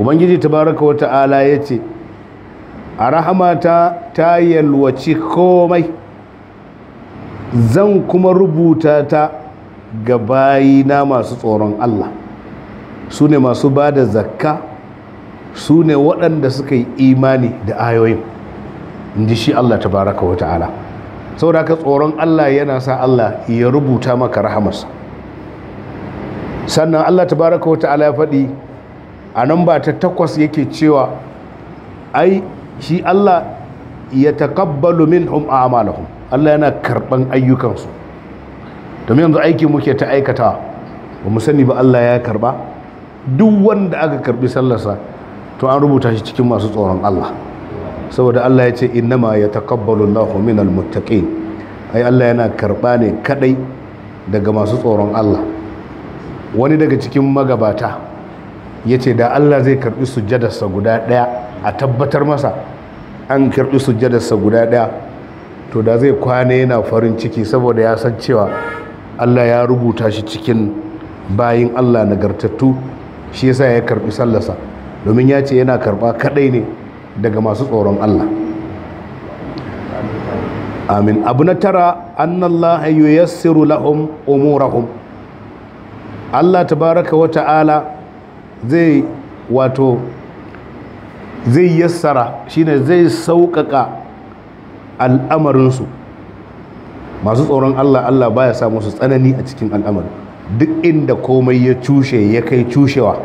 ubangiji tabaraka wa ta'ala yace a rahamata ta yalwaci komai zan kuma rubuta ta ga bayina masu tsoron Allah su ne masu ba da zakka su ne waɗanda suka yi imani da ayoyin in ji shi Allah ta baraka wa ta'ala saboda haka tsoron Allah yana sa Allah ya rubuta maka rahamarsa sannan Allah ta baraka wa ta'ala ya faɗi a nan ba ta takwas yake cewa ai shi Allah ya taqabbalu minhum a'malahum Allah yana karɓan ayyukansu domin yanzu aiki muke ta aikata ba mu sani ba Allah ya karɓa. duk wanda aka karbi sallarsa to an rubuta shi cikin masu tsoron Allah saboda Allah ya ce innama ya taqabbalu Allahu minal muttaqin ai Allah yana karɓa ne kadai daga masu tsoron Allah wani daga cikin magabata ya ce da Allah zai karbi sujjadarsa guda ɗaya a tabbatar masa an karɓi sujjadarsa guda ɗaya to da zai kwana yana farin ciki saboda ya san cewa allah ya rubuta shi cikin bayin allah nagartattu shi yasa ya karɓi sallasa domin ya ce yana karɓa kaɗai ne daga masu tsoron allah amin abu na tara annallah yuyassiru lahum umurahum allah tabaraka wa ta'ala zai wato zai yassara shine zai sauƙaƙa al'amarinsu masu tsoron Allah Allah baya sa musu tsanani a cikin al'amari duk inda komai ya cushe ya kai cushewa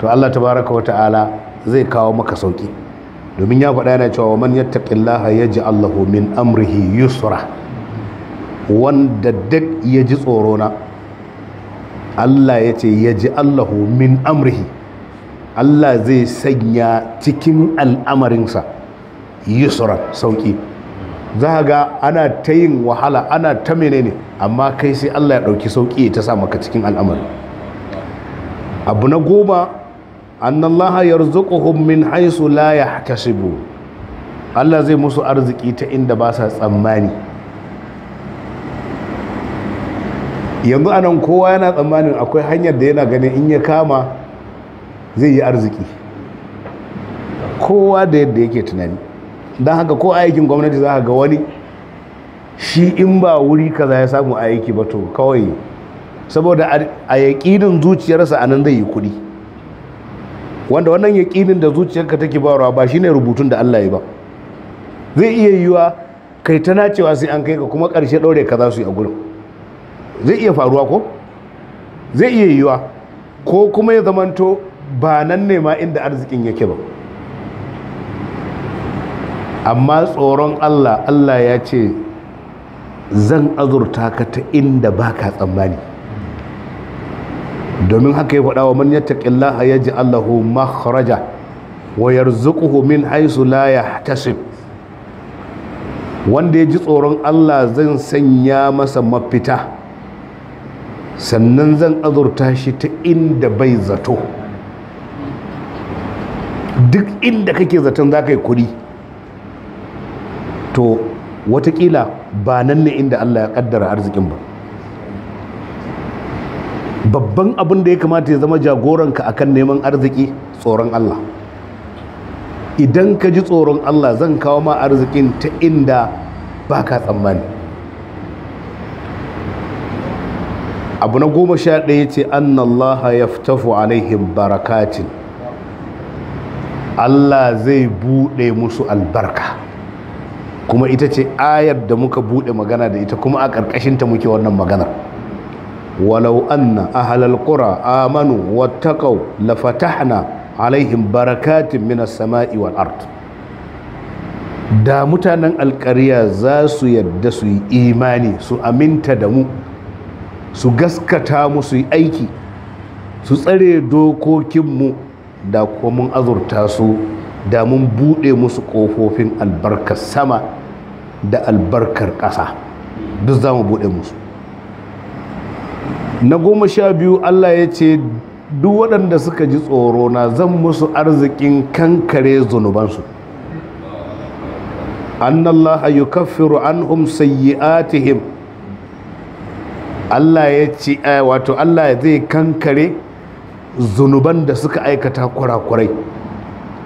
to Allah tabaraka wata'ala zai kawo maka sauƙi. domin ya faɗa yana cewa man yattaqillaha yaji Allahu min amrihi yusra wanda duk ya ji tsorona Allah ya ce ya ji Allahu min amrihi Allah zai sanya cikin al'amarinsa yusran sauƙi za ga ana ta yin wahala ana ta menene amma kai sai Allah ya ɗauki sauki ta sa maka cikin al'amari abu na goma annallaha yarzuquhum min haisu la Allah zai musu arziki ta inda ba sa tsammani yanzu anan kowa yana tsammanin akwai hanyar da yana ganin in ya kama zai yi arziki kowa da yadda yake tunani don haka ko aikin gwamnati za ga wani shi in ba wuri kaza ya samu aiki ba to kawai saboda a yaƙinin zuciyarsa a nan zai yi kuɗi wanda wannan yaƙinin da zuciyarka take bawa ba shine rubutun da Allah ya ba zai iya yiwa kai ta nacewa sai an kai ka kuma ƙarshe ɗaure ka za su yi a gurin zai iya faruwa ko zai iya yiwa ko kuma ya zamanto ba nan ne ma inda arzikin yake ba amma tsoron Allah Allah ya ce zan azurta ka ta inda baka tsammani domin haka ya faɗa wa man yattaqillaha yaj'al Allahu makhraja wa yarzuquhu min haythu la yahtasib wanda ya ji tsoron Allah zan sanya masa mafita sannan zan azurta shi ta inda bai zato duk inda kake zaton za ka yi kuɗi to watakila ba nan ne inda Allah ya kaddara arzikin ba babban abin da ya kamata ya zama jagoranka akan neman arziki tsoron Allah idan ka ji tsoron Allah zan kawo ma arzikin ta inda ba ka tsammani abu na goma sha ɗaya ce annallaha yaftafu alaihim barakatin Allah zai buɗe musu albarka kuma ita ce ayar da muka buɗe magana da ita kuma a ƙarƙashinta muke wannan maganar walau anna ahlal qura amanu wattaqau lafatahna alaihim barakatin minas sama'i wal Art. da mutanen alƙarya za su yadda su yi imani su aminta da mu su gaskata mu su yi aiki su tsare dokokinmu da ko mun azurta su da mun buɗe musu ƙofofin albarkar sama da albarkar ƙasa duk za mu buɗe musu na goma sha biyu allah ya ce duk waɗanda suka ji tsoro na zan musu arzikin kankare zunubansu An an yukaffiru anhum sayyi'atihim allah ya ce eh, wato allah zai kankare zunuban da suka aikata kurakurai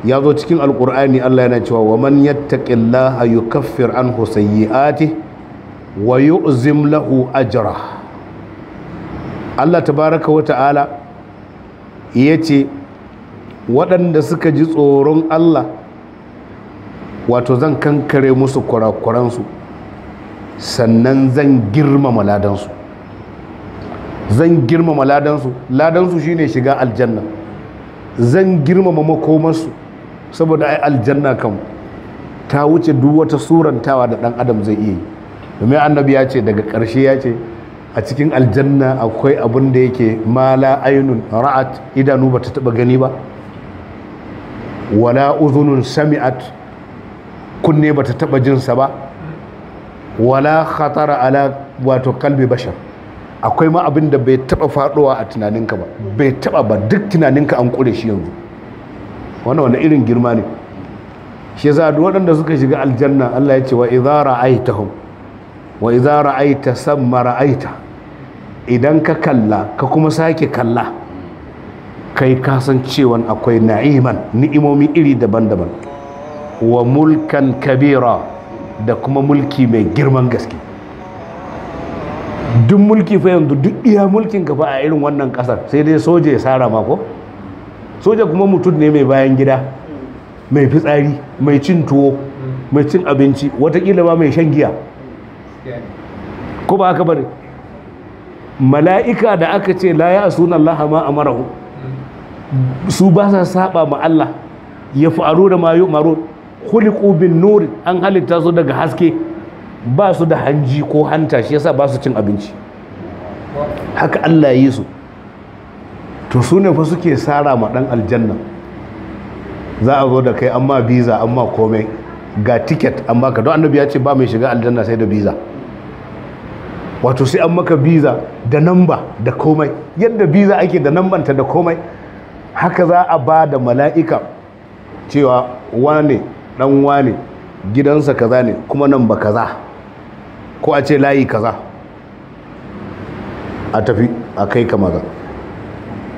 ya zo cikin alkur'ani Allah yana cewa wa man yattaqillaha yukaffir anhu sayyi'ati wa yu'zim lahu ajra Allah tabaraka wa ta'ala yace waɗanda suka ji tsoron Allah wato zan kankare musu kwarakwaransu sannan zan girmama ladansu zan girmama ladansu ladansu shine shiga aljanna zan girmama makomarsu saboda ai aljanna kan ta wuce duk wata surantawa da dan adam zai iya yi domin annabi ya ce daga karshe ya ce a cikin aljanna akwai abin da yake mala ainun ra'at idanu ba ta taba gani ba wala uzunun sami'at kunne ba ta taba jinsa ba wala khatara ala wato kalbi bashar akwai ma abin da bai taba faduwa a tunaninka ba bai taba ba duk tunaninka an kure shi yanzu wannan wani irin girma ne shi yasa duk waɗanda suka shiga aljanna Allah ya ce wa idza ra'aitahum wa idza ra'aita samma ra'aita idan ka kalla ka kuma sake kalla kai kasan san cewa akwai na'iman ni'imomi iri daban-daban wa mulkan kabira da kuma mulki mai girman gaske duk mulki fa yanzu duk iya mulkin ka fa a irin wannan kasar sai dai soja ya sara mako soja kuma mutum ne mai bayan gida mai fitsari mai cin tuwo mai cin abinci watakila ma mai shan giya ko ba aka bari mala'ika da aka ce la ya sunan Allah ma amarahu su ba sa saba ma Allah ya faru da mayu maro khuliqu bin nur an halitta su daga haske ba su da hanji ko hanta shi yasa ba su cin abinci haka Allah ya yi su to su ne fa suke sara ma dan aljanna za a zo da kai amma biza amma komai ga tiket amma ka don annabi ya ce ba mai shiga aljanna sai da biza wato sai an maka biza da namba da komai yadda biza ake da nambanta da komai haka za a ba da mala'ika cewa wane dan wane gidansa kaza ne kuma nan ba kaza ko a ce layi kaza a tafi a kai ka maza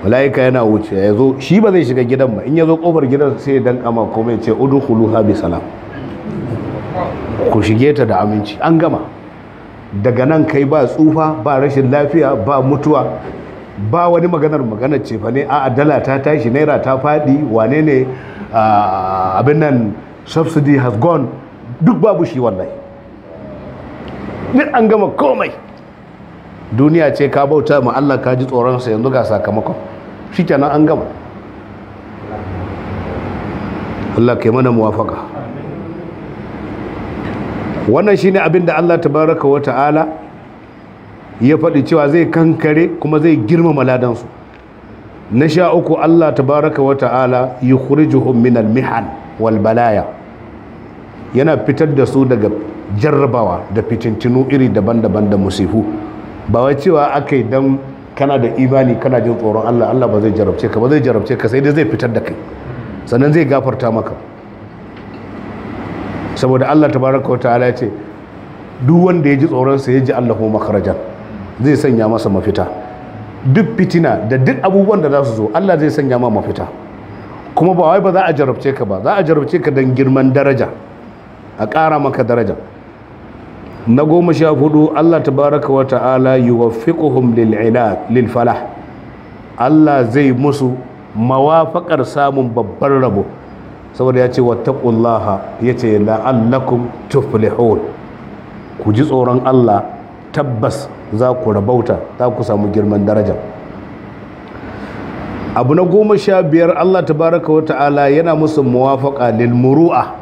mala'ika yana wuce ya zo shi ba zai shiga gidan ba in ya zo kofar gidan sai ya danka ma komai ce udu ha bi salam ku shige ta da aminci an gama daga nan kai ba tsufa ba rashin lafiya ba mutuwa ba wani maganar maganar ce fa a dala ta tashi naira ta fadi wane ne ah, abin nan subsidy has gone duk babu shi wallahi duk an gama komai duniya ce ka bauta ma Allah ka ji tsoronsa yanzu ga sakamakon shi kenan an gama Allah ke mana muwafaka wannan shine abin da Allah tabaraka wa ta'ala ya faɗi cewa zai kankare kuma zai girmama ladansu na sha uku Allah tabaraka wa ta'ala yukhrijuhum min minal mihan wal balaya yana fitar da su daga jarrabawa da fitintinu iri daban-daban da musifu ba wai cewa aka yi don kana da imani kana jin tsoron Allah Allah ba zai jarabce ka ba zai jarabce ka sai dai zai fitar da kai sannan zai gafarta maka saboda Allah ta wa ta'ala ya ce duk wanda ya ji tsoron sa ya ji Allahu makarajan. zai sanya masa mafita duk fitina da duk abubuwan da za su zo Allah zai sanya ma mafita kuma ba wai ba za a jarabce ka ba za a jarabce ka don girman daraja a ƙara maka daraja na goma sha hudu Allah tabaraka wa ta'ala yi lil lil falah Allah zai musu mawafakar samun babban rabo saboda ya ce ya yace la'allakun tuflihun ku ji tsoron Allah tabbas za ku rabauta za ku samu girman daraja abu na goma sha biyar Allah tabaraka wa ta'ala yana musu mawafaƙa lilmuru'a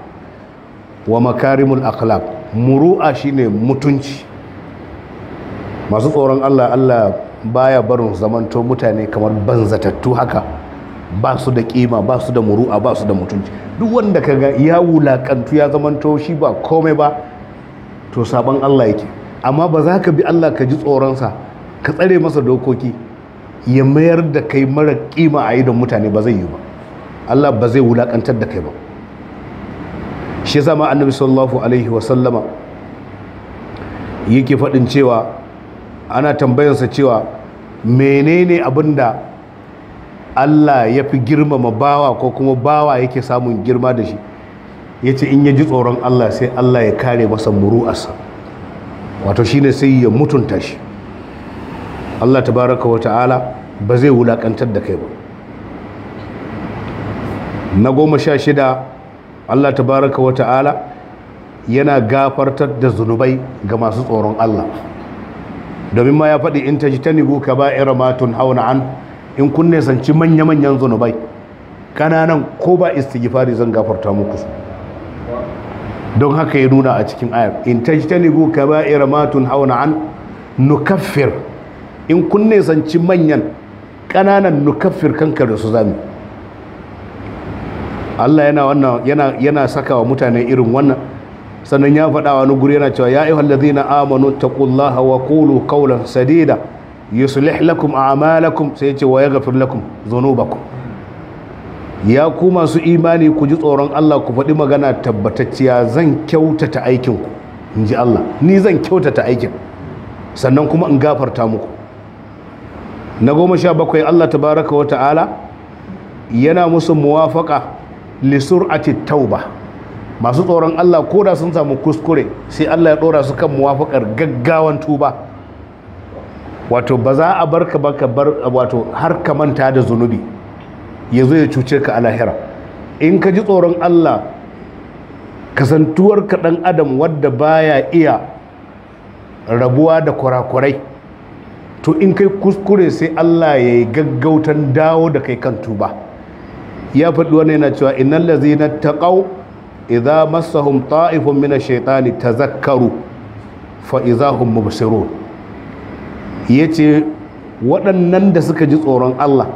wa makarimul akhlaq muru'a shine mutunci masu tsoron Allah Allah baya barin zamanto mutane kamar banzatattu haka ba su da kima ba su da muru'a ba su da mutunci duk wanda kaga ya wulakantu ya zamanto shi ba komai ba to sabon Allah yake amma ba za ka bi Allah ka ji tsoron sa ka tsare masa dokoki ya mayar da kai mara kima a idan mutane ba zai yi ba Allah ba zai wulakantar da kai ba shi zama annabi sallallahu alaihi wasallama yake faɗin cewa ana tambayarsa cewa menene abin da Allah ya fi girmama bawa ko kuma bawa yake samun girma da shi ya ce in ya ji tsoron Allah sai Allah ya kare masa muru'arsa wato shine sai ya mutunta shi Allah tabaraka wa ta'ala ba zai wulakantar da kai ba na goma sha shida Allah tabaraka wa ta'ala yana gafartar da zunubai ga masu tsoron Allah domin ma ya faɗi in ta ji ba ira matun hauna an in kun ne sanci manya manyan zunubai kananan ko ba istighfari zan gafarta muku su don haka ya nuna a cikin ayar in ta ji ba ira matun hauna an nukaffir in kun ne sanci manyan kananan nukaffir kanka da su zami Allah yana wannan yana sakawa mutane irin wannan sannan ya faɗa wani guri yana cewa ya ayyuhal ladzina amanu taqullaha wa qulu qawlan sadida yuslih lakum a'malakum sai yace wa yaghfir lakum dhunubakum ya ku masu imani ku ji tsoron Allah ku faɗi magana tabbatacciya zan kyautata aikinku in ji Allah ni zan kyautata aikin sannan kuma in gafarta muku na goma sha bakwai Allah tabaraka wa ta'ala yana musu muwafaka lisur'ati ba masu tsoron Allah ko da sun samu kuskure sai Allah ya dora su kan muwafaqar gaggawan tuba wato ba za a bar ka ba ka bar wato har ka manta da zunubi ya zo ya cuce ka a lahira in ka ji tsoron Allah kasantuwar ka dan adam wadda baya iya rabuwa da kurakurai to in kai kuskure sai Allah ya yi gaggautan dawo da kai kan tuba ya faɗi wannan yana cewa innal ladzina taqaw idza massahum ta'ifun minash shaitani tazakkaru fa idza mubsirun yace waɗannan da suka ji tsoron Allah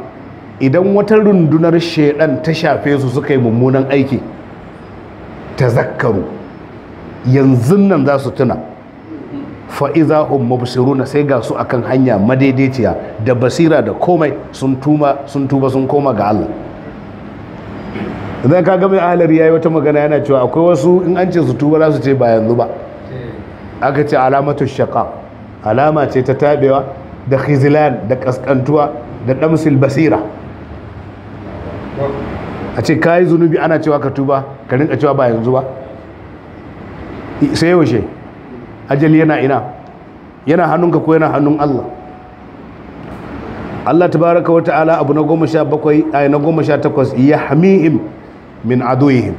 idan wata rundunar shaidan ta shafe su suka yi mummunan aiki tazakkaru yanzu nan za su tuna fa'iza hum na sai ga su akan hanya madaidaiciya da basira da komai sun tuba sun koma ga Allah idan ka gami ahalari ya yi wata magana yana cewa akwai wasu in an ce su tuba za su ce ba yanzu ba aka ce alamatu shaka alama ce ta tabewa da khizilan da kaskantuwa da damsil basira a ce ka yi zunubi ana cewa ka tuba ka rinka cewa ba yanzu ba sai yaushe ajali yana ina yana hannunka ko yana hannun Allah Allah tabaraka wa ta'ala abu na goma sha bakwai na goma sha takwas ya hamihim min aduihim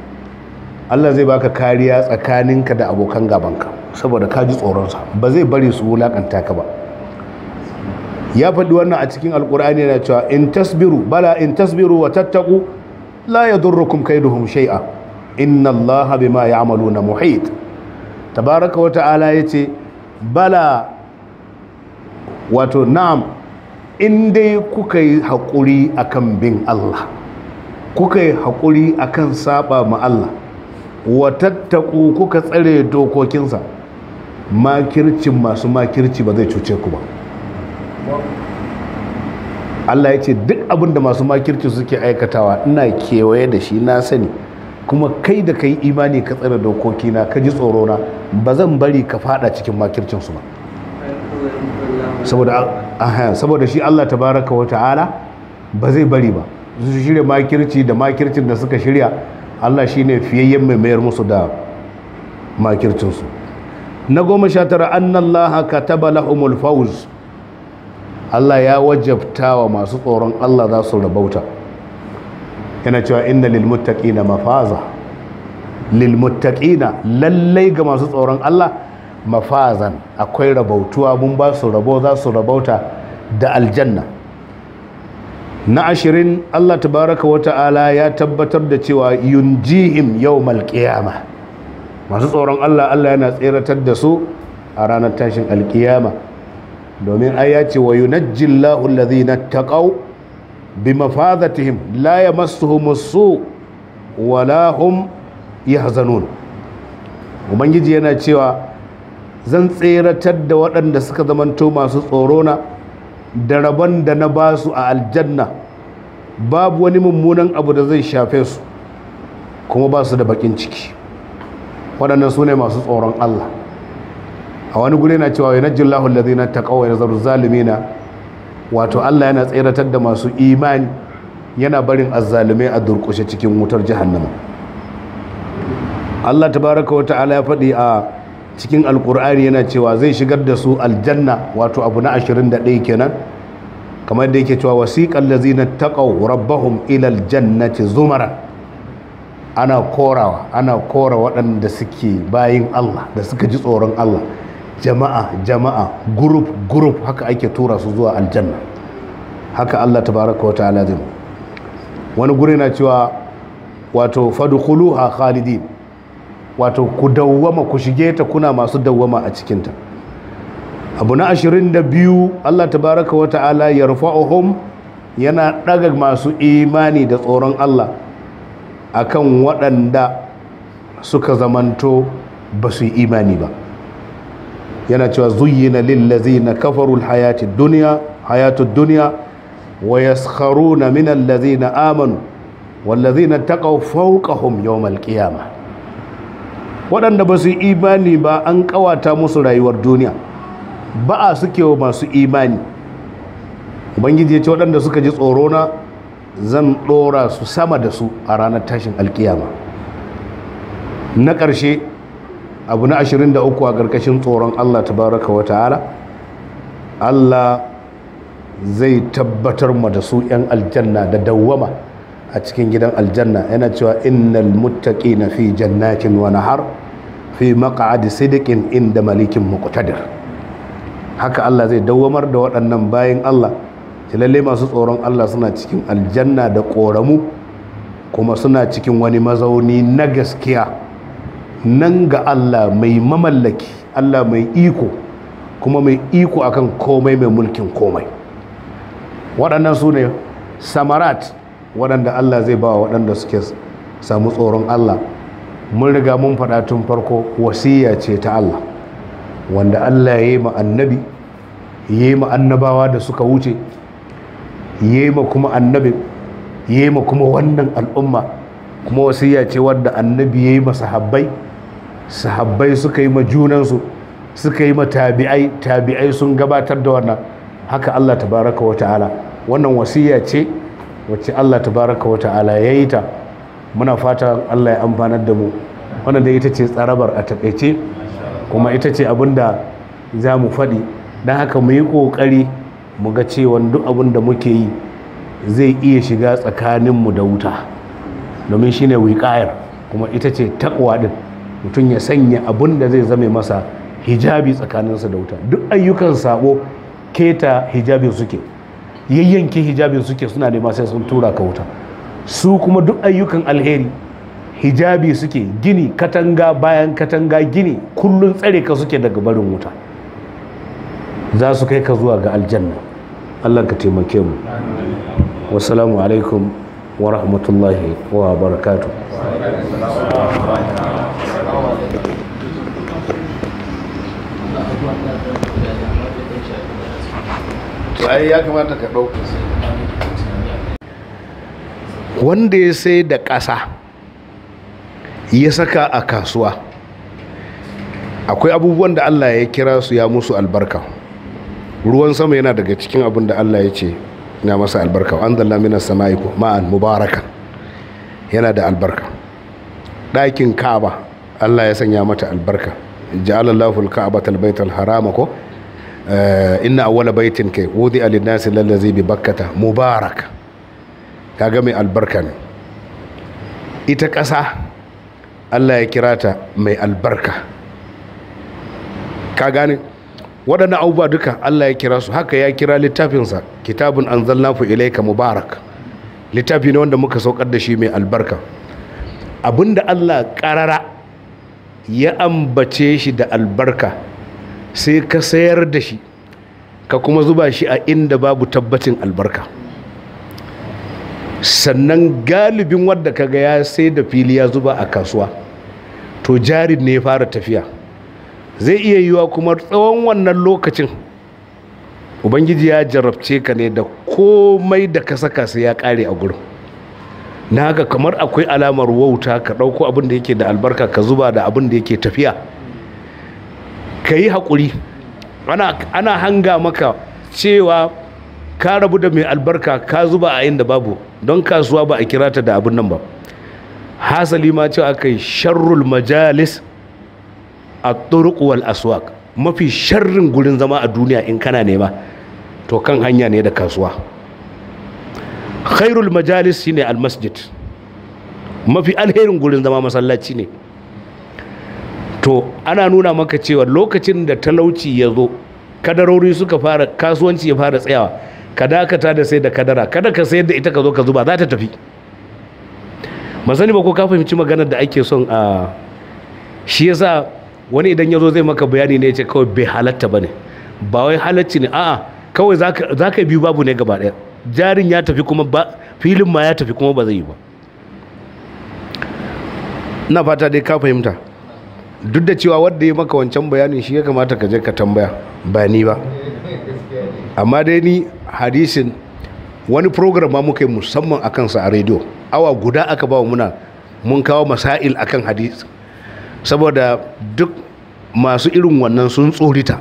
Allah zai baka kariya tsakaninka da abokan gabanka saboda ka ji tsoronsa ba zai bari su wulakanta ka ba ya faɗi wannan a cikin alkur'ani yana cewa in tasbiru bala in tasbiru wa tattaku la yadurrukum kaiduhum shay'a inna Allah bima ya'maluna muhit tabaraka wa ta'ala yace bala wato na'am in dai kuka yi haƙuri akan bin Allah kuka yi haƙuri a kan saba ma Allah watattaku kuka tsare dokokinsa makircin masu makirci ba zai cuce ku ba Allah ya ce duk abin da masu makirci suke aikatawa ina kewaye da shi na sani kuma kai da kai imani ka tsare dokokina ka ji na, ba zan bari ka fada cikin makircinsu ba saboda shi Allah tabaraka wa ta'ala ba zai bari ba su shirya makirci da makircin da suka shirya Allah shi shine fiyayyen mai mayar musu da makircinsu na goma sha tara annallaha Katabala lahumul fawz Allah ya wajabta wa masu tsoron Allah za su rabauta yana cewa inna lil mafaza lallai ga masu tsoron Allah mafazan akwai rabautuwa mun ba su rabo za su rabauta da aljanna na ashirin Allah tabaraka wa ta'ala ya tabbatar da cewa yunjihim yau malƙiyama masu tsoron Allah Allah yana tseratar da su a ranar tashin alkiyama domin ai ya ce wa yunajjillahu alladhina taqaw bimafadatihim la yamassuhumus su wala yahzanun ubangiji yana cewa zan tseratar da waɗanda suka zamanto masu tsoro na da rabon da na ba su a aljanna babu wani mummunan abu da zai shafe su kuma ba su da bakin ciki waɗannan su ne masu tsoron Allah a wani guri na cewa yana jillahu lazina ta kawai na zaru zalimina wato Allah yana tseratar da masu imani yana barin azzalumai a durƙushe cikin wutar jahannama Allah tabaraka wa ta'ala ya faɗi a cikin alkur'ani yana cewa zai shigar da su aljanna wato abu na 21 kenan kamar da yake cewa wasiqal ladzina taqaw rabbahum ila ce zumara ana korawa ana kora waɗanda suke bayin Allah da suka ji tsoron Allah jama'a jama'a gurup gurup haka ake tura su zuwa aljanna haka Allah ta baraka wata wani guri na cewa wato a khalidin wato ku dawwama ku shige ta kuna masu dawwama a cikinta abu na ashirin da biyu allah tabaraka wa ta'ala ya rufa'uhum yana daga masu imani da tsoron allah akan waɗanda suka zamanto ba su yi imani ba yana cewa lillazi na kafarul hayatu duniya hayatud duniya wa na min allazina amanu taƙa fauƙa hum yawmal qiyamah waɗanda ba su yi imani ba an ƙawata musu rayuwar duniya ba a suke wa masu imani ubangiji ya ce waɗanda suka ji tsoro na zan ɗora su sama da su a ranar tashin alkiyama na ƙarshe abu na 23 a ƙarƙashin tsoron allah tabaraka wa ta'ala allah zai tabbatar ma da su 'yan aljanna da dawwama a cikin gidan aljanna yana cewa innal na fi jannatin wa nahar fi maq'adi sidiqin inda malikin muqtadir haka Allah zai dawwamar da waɗannan bayan Allah ce lalle masu tsoron Allah suna cikin aljanna da ƙoramu kuma suna cikin wani mazauni na gaskiya nan ga Allah mai mamallaki Allah mai iko kuma mai iko akan komai mai mulkin komai waɗannan su ne samarat waɗanda Allah zai ba wa waɗanda suke samu tsoron Allah mun riga mun faɗa tun farko wasiya ce ta Allah wanda Allah ya yi ma annabi ya yi ma annabawa da suka wuce ya yi ma kuma annabi ya yi ma kuma wannan al'umma kuma wasiya ce wadda annabi ya yi ma sahabbai sahabbai suka yi ma junansu suka yi ma tabi'ai tabi'ai sun gabatar da wannan haka Allah tabaraka wa ta'ala wannan wasiya ce wacce Allah Ta baraka wa ta'ala ya yi ta muna fata Allah ya amfanar da mu wannan dai ita ce tsarabar a takaice kuma ita ce abin da za mu faɗi don haka mu yi ƙoƙari mu ga cewa duk abin da muke yi zai iya shiga tsakaninmu da wuta domin shi ne wiƙayar kuma ita ce takwa ɗin mutum ya sanya abin da zai zame masa hijabi tsakaninsa da wuta duk ayyukan sabo keta hijabi suke yayyanke hijabin suke suna nema sai sun tura ka wuta su kuma duk ayyukan alheri hijabi suke gini katanga bayan katanga gini kullun tsare ka suke daga barin wuta za su kai ka zuwa ga aljanna allah ka taimake mu wasalamu alaikum wa rahmatullahi wa barakatu ai ya kamata ka ɗauka wanda ya sai da ƙasa ya saka a kasuwa akwai abubuwan da Allah ya kira su ya musu albarka ruwan sama yana daga cikin abin da Allah ya ce na masa albarka an zalla mina sama'iku ma'an mubaraka yana da albarka ɗakin kaba Allah ya sanya mata albarka ja'alallahu al-ka'bata harama ko Eh, inna awwala baitin kai wudi alinnasi lallazi bi bakkata mubarak kaga mai albarka ne ita ƙasa Allah ya kira ta mai albarka ka gane waɗannan abubuwa duka Allah ya kira su haka ya kira littafinsa kitabun an zalnafu ilaika mubarak littafi ne wanda muka saukar da shi mai albarka abinda Allah ƙarara ya ambace shi da albarka sai ka sayar da shi ka kuma zuba shi a inda babu tabbacin albarka sannan galibin wadda ga ya sai da fili ya zuba a kasuwa to jarin ne ya fara tafiya zai iya yiwa kuma tsawon wannan lokacin ubangiji ya jarabce ka ne da komai da ka saka sai ya kare a gurin na haka kamar akwai alamar wauta ka ɗauko abinda da yake da albarka ka zuba da abinda da yake tafiya ka yi haƙuri ana hanga maka cewa ka rabu da mai albarka ka zuba a inda babu don kasuwa ba a kira ta da abin nan ba hasali ma cewa aka yi sharrul majalis a turkuwal aswak mafi sharrin gurin zama a duniya in kana nema to kan hanya ne da kasuwa khairul majalis shine masjid. mafi alherin gurin zama masallaci ne to ana nuna maka cewa lokacin da talauci ya zo kadarori suka fara kasuwanci ya fara tsayawa ka dakata da sai da kadara kada ka sayar da ita ka zo ka zuba za ta tafi masani ba ko ka fahimci maganar da ake son a shi yasa wani idan ya zo zai maka bayani ne ya ce kawai bai halatta ba ne ba wai halacci ne a'a kawai za ka biyu babu ne gaba ɗaya jarin ya tafi kuma ba filin ma ya tafi kuma ba zai yi ba na fata dai ka fahimta duk da cewa wadda ya maka wancan bayanin shi ya kamata ka je ka tambaya ba ni ba amma dai ni hadisin wani program ma muka yi musamman a kansa a rediyo awa guda aka ba muna mun kawo masail akan hadis saboda duk masu irin wannan sun tsorita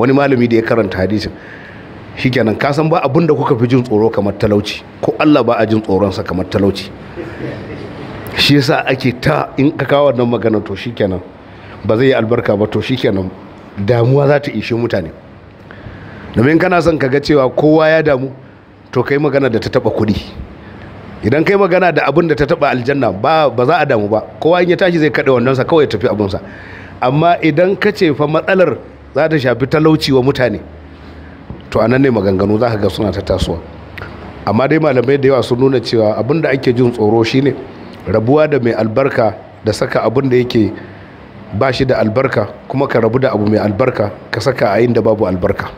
wani malami da ya karanta hadisin shi kenan kasan ba abin da kuka fi jin tsoro kamar talauci ko Allah ba a jin tsoronsa kamar talauci shi yasa ake ta in ka kawo wannan magana to shikenan ba zai yi albarka ba to shikenan damuwa za ta ishe mutane domin kana son ka ga cewa kowa ya damu to kai magana da ta taba kuɗi idan kai magana da abin da ta taba aljanna ba za a damu ba kowa in ya tashi zai kaɗa sa kawai tafi abinsa amma idan ka ce fa matsalar za ta shafi talauci wa mutane to a nan ne maganganu za ka ga suna ta tasowa amma dai malamai da yawa sun nuna cewa abin da ake jin tsoro shine ne rabuwa da mai albarka da saka abunda da yake ba shi da albarka kuma ka rabu da abu mai albarka ka saka a inda babu albarka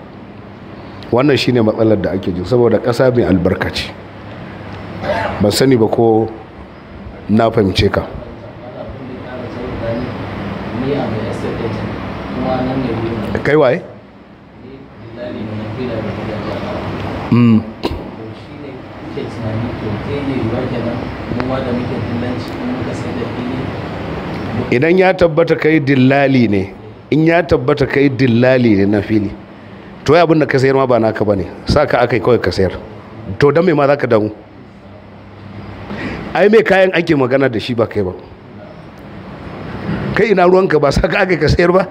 wannan shine matsalar da ake ji saboda ƙasa mai albarka ce ban sani ba ko na fahimce ka kai waye? mm. idan ya tabbata kai dillali ne in ya tabbata kai dillali ne na fili to ya abinda ka sayar ma ba naka bane sa ka aka kawai ka sayar to dan me ma zaka damu ai mai kayan ake magana da shi ba kai ba kai ina ruwanka ba sa ka aka ka sayar ba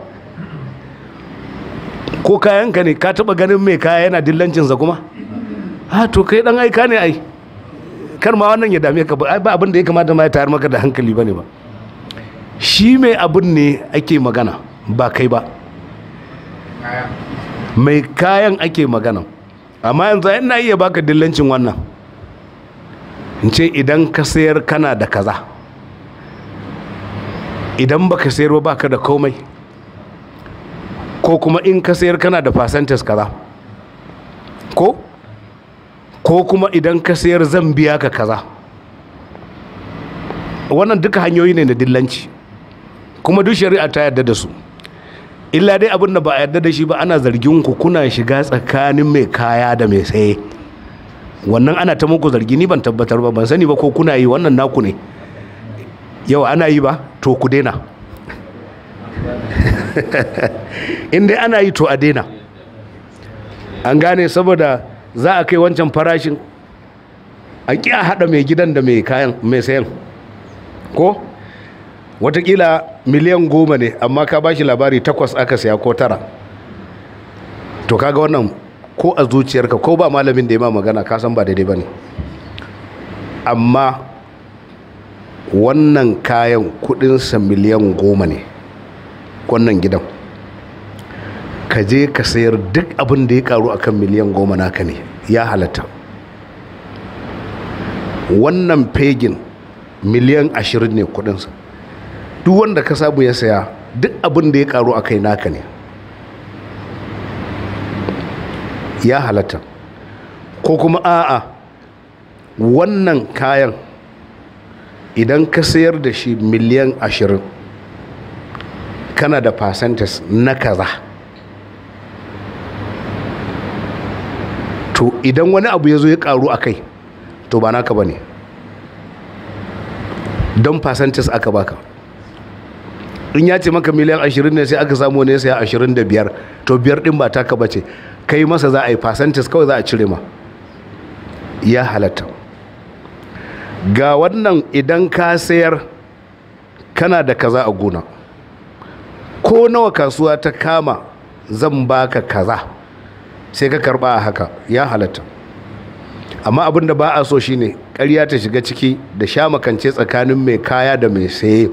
ko ka ne ka taba ganin mai kaya yana dillancinsa kuma ha to kai dan aika ne ai kar ma wannan ya dame ka ba abin da ya kamata ma ya tayar maka da hankali bane ba shi mai abin ne ake magana ba kai ba mai kayan ake magana amma yanzu ina iya baka dillancin wannan in ce idan ka sayar kana da kaza idan baka sayar ba baka da komai ko kuma in ka sayar kana da fasantas kaza ko ko kuma idan ka sayar zan biya ka kaza wannan duka hanyoyi ne na dillanci kuma duk shari'a ta yarda da su illa dai abin da ba a yarda da shi ba ana zargin ku kuna shiga tsakanin mai kaya da mai saye wannan ana ta muku zargi ni ban tabbatar ba ban sani ba ko kuna yi wannan naku ne yau ana yi ba to ku daina in dai ana yi to a daina an gane saboda za a kai wancan farashin a ƙi a haɗa mai gidan da mai kayan mai sayan ko watakila miliyan goma ne amma ka bashi labari takwas aka siya ko tara to kaga wannan ko a zuciyarka ko ba malamin da ya ma magana ka san ba daidai ba ne amma wannan kayan kudinsa miliyan goma ne wannan gidan ka je ka sayar duk abin da ya karu kan miliyan goma naka ne ya halatta wannan fegin miliyan ashirin ne kudinsa duk wanda ka samu ya saya duk abin da ya karu a kai naka ne ya halatta ko kuma a'a wannan kayan idan ka sayar da shi miliyan ashirin kana da fasantas na kaza to idan wani abu ya zo ya karu a kai to ba naka ba ne don fasantas aka baka in ya ce maka miliyan ashirin ne sai aka samu ya saya ashirin da biyar to biyar din ba taka bace kai masa za a yi fasantis kawai za a cire ma ya halatta ga wannan idan ka sayar kana da kaza a gona ko nawa kasuwa ta kama zan baka kaza sai ka karba a haka ya halatta amma abin da ba a so shine karya ta shiga ciki da sha makance tsakanin mai kaya da mai saye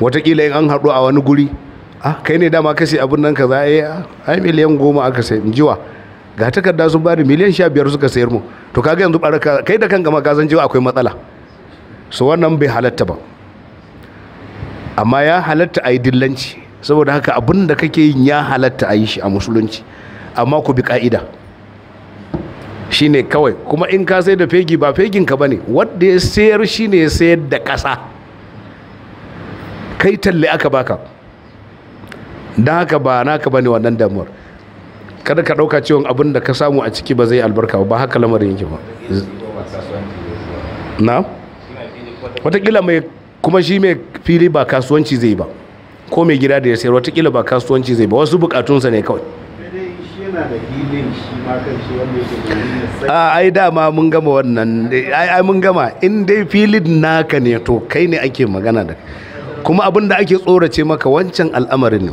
watakila in an haɗu a wani guri a ah, kai ne dama kashe abin nan kaza eh ah, miliyan goma aka sai in jiwa ga takarda sun bari miliyan sha biyar suka sayar mu to kaga yanzu baraka kai da kan gama kazan jiwa akwai matsala su wannan bai halatta ba amma ya halatta a yi dillanci saboda haka abin da kake yin ya halatta a yi shi a musulunci amma ku bi ka'ida shine kawai kuma in ka sai da fegi ba fegin ka ne wanda ya sayar shine ya sayar da ƙasa kai talle aka baka don haka ba naka bane wannan damuwar kada ka ɗauka cewa abin da ka samu a ciki ba zai albarka ba haka lamarin yake ba na watakila mai kuma shi mai fili ba kasuwanci zai ba ko mai gida da ya sayar watakila ba kasuwanci zai ba wasu bukatunsa ne kawai a ai dama mun gama wannan ai mun gama in dai filin naka ne to kai ne ake magana da kuma abin da ake tsorace maka wancan al'amarin ne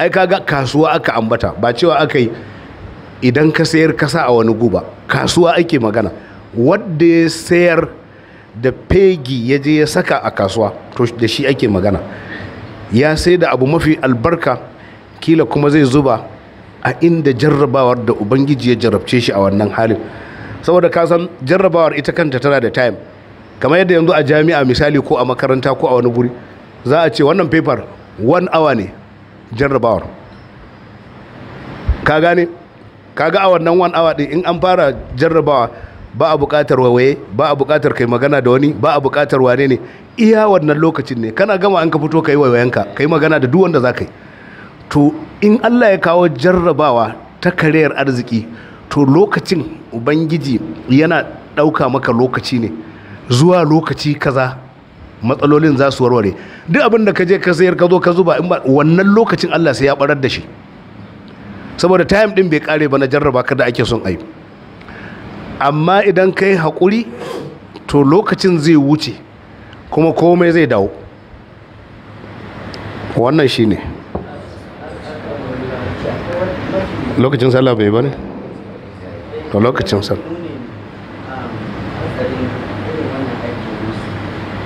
ai kaga kasuwa aka ambata ba cewa aka yi idan ka sayar kasa a wani guba kasuwa ake magana wadda ya sayar da fegi ya je ya saka a kasuwa to da shi ake magana ya sai da abu mafi albarka kila kuma zai zuba a inda jarrabawar da ubangiji ya jarrabce shi a wannan halin saboda ka san jarrabawar ita kanta tana da time kamar yadda yanzu a jami'a misali ko a makaranta ko a wani guri za a ce wannan paper one hour ne jarrabawar ka gane kaga a wannan one hour din in an fara jarrabawa ba a buƙatar waye ba a buƙatar kai magana da wani ba a buƙatar wane ne iya wannan lokacin ne kana gama an ka fito kai wawayenka kai magana da duk wanda za ka yi to in Allah ya kawo jarrabawa ta kariyar arziki to lokacin ubangiji yana ɗauka maka lokaci ne zuwa lokaci kaza matsalolin za su warware duk abin da ka je ka sayar ka zo ka zuba wannan lokacin Allah sai ya barar da shi saboda time din bai kare ba na jarraba ka da ake son ayi amma idan kai hakuri to lokacin zai wuce kuma komai zai dawo wannan shi ne lokacin sallah bai ne to lokacin sallah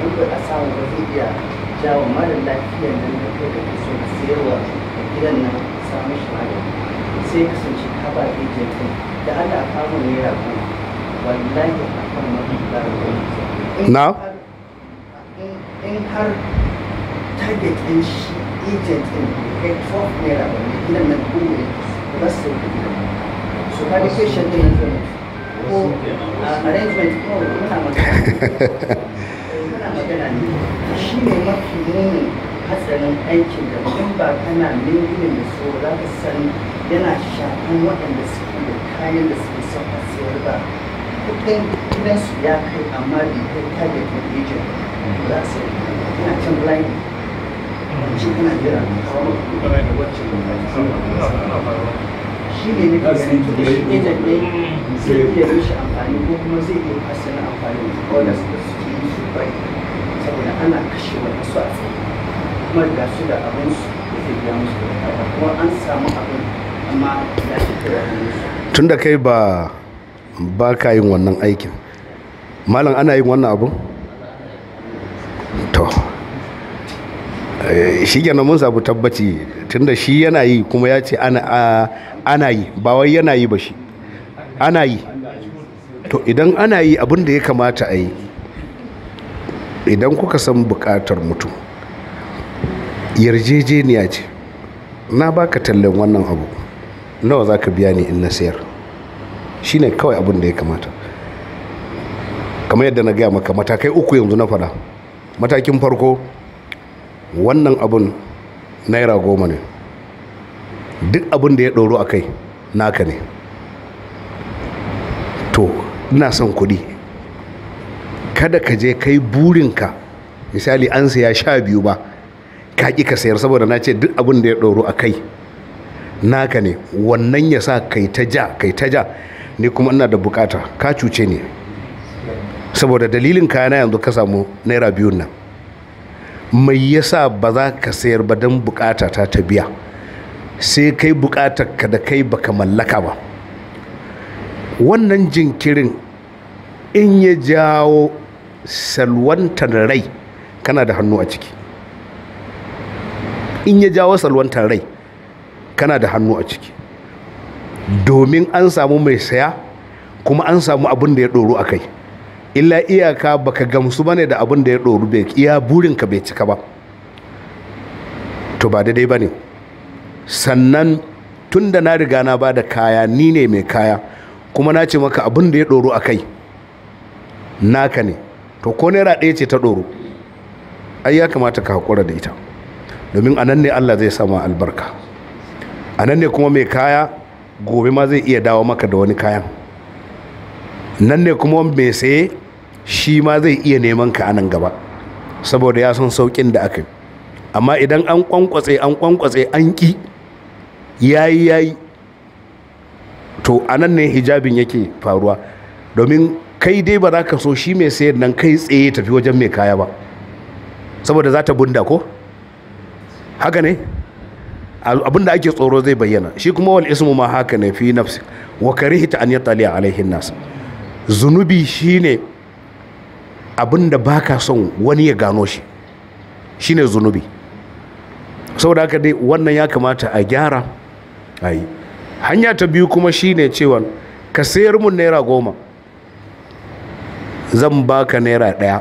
duka a samu ba zai iya jawo mara lafiya nan da kai da ka so ka a gidan nan samun shi magani sai kasance ka ba da ana kama wallahi a kan mafi na in har target ɗin shi agent ɗin kai 12 naira ba ne gidan nan ka da ɗin ko arrangement ko magana magana ne shi ne mafi munin hatsarin aikin da in ba kana lingilin da so za ka san yana shafan waɗanda suke da kayan da suke son a siyar ba kuɗin gidansu ya kai amma bai kai target na agent za su yi kana can blind shi kana jira kawo da wacce shi ne na ganin da shi agent ne zai iya amfani ko kuma zai iya fasa na amfani da da yi su bai saboda ana kashe su a tsaye kuma su da abin su da zai biya musu da kuma an samu abin amma shi tun da kai ba ba ka yin wannan aikin malam ana yin wannan abu to eh, shi gina mun sabu tabbaci tunda shi yana yi kuma ya ce ana yi ba wai yana yi ba shi ana yi to idan ana yi abin da ya kamata a yi idan kuka san bukatar mutum yarjejeniya ce na baka tallan wannan abu nawa za ka biya ni in na sayar ne kawai abin da ya kamata kamar yadda na gaya maka matakai uku yanzu na fada matakin farko wannan abun naira goma ne duk abin da ya ɗoro a kai naka ne to ina son kuɗi kada ka je kai burinka misali an siya sha biyu ba ka ki ka sayar saboda na ce duk abin da ya ɗoro a kai naka ne wannan ya sa kai ta ja kai ta ja ni kuma ina da bukata ka cuce ne saboda dalilin na yanzu ka samu naira biyun nan mai ya sa ba za ka sayar ba don bukata ta ta biya sai kai bukatar ka da kai baka mallaka ba wannan jinkirin in ya jawo salwantar rai kana da hannu a ciki in ya jawo salwantar rai kana da hannu a ciki domin an samu mai saya kuma an samu abin da ya ɗoro a kai illa iyaka baka gamsu bane da abin da ya ɗoru bai iya burinka bai cika ba to ba daidai ba ne sannan tun da na riga na ba da kaya ni ne mai kaya kuma na ce maka abin da ya ɗoru a kai naka ne to ko naira ɗaya ce ta ɗoro ai ya kamata ka haƙura da ita domin a nan ne allah zai sama albarka a nan ne kuma mai kaya gobe ma zai iya dawo maka da wani kayan nan ne kuma mai saye shi ma zai iya neman ka anan gaba saboda ya san saukin da aka yi amma idan an kwankwatse an kwankwatse an ki yayi yayi to anan ne hijabin yake faruwa domin kai dai ba za ka so shi mai sayar nan kai tsaye tafi wajen mai kaya ba saboda za ta bunda ko haka ne abinda ake tsoro zai bayyana shi kuma wal ismu ma haka ne fi nafsi wa karihta an a alaihin nas zunubi shine abinda baka son wani ya gano shi shine zunubi saboda haka dai wannan ya kamata a gyara yi hanya ta biyu kuma shine cewa ka sayar mun naira goma zan baka naira ɗaya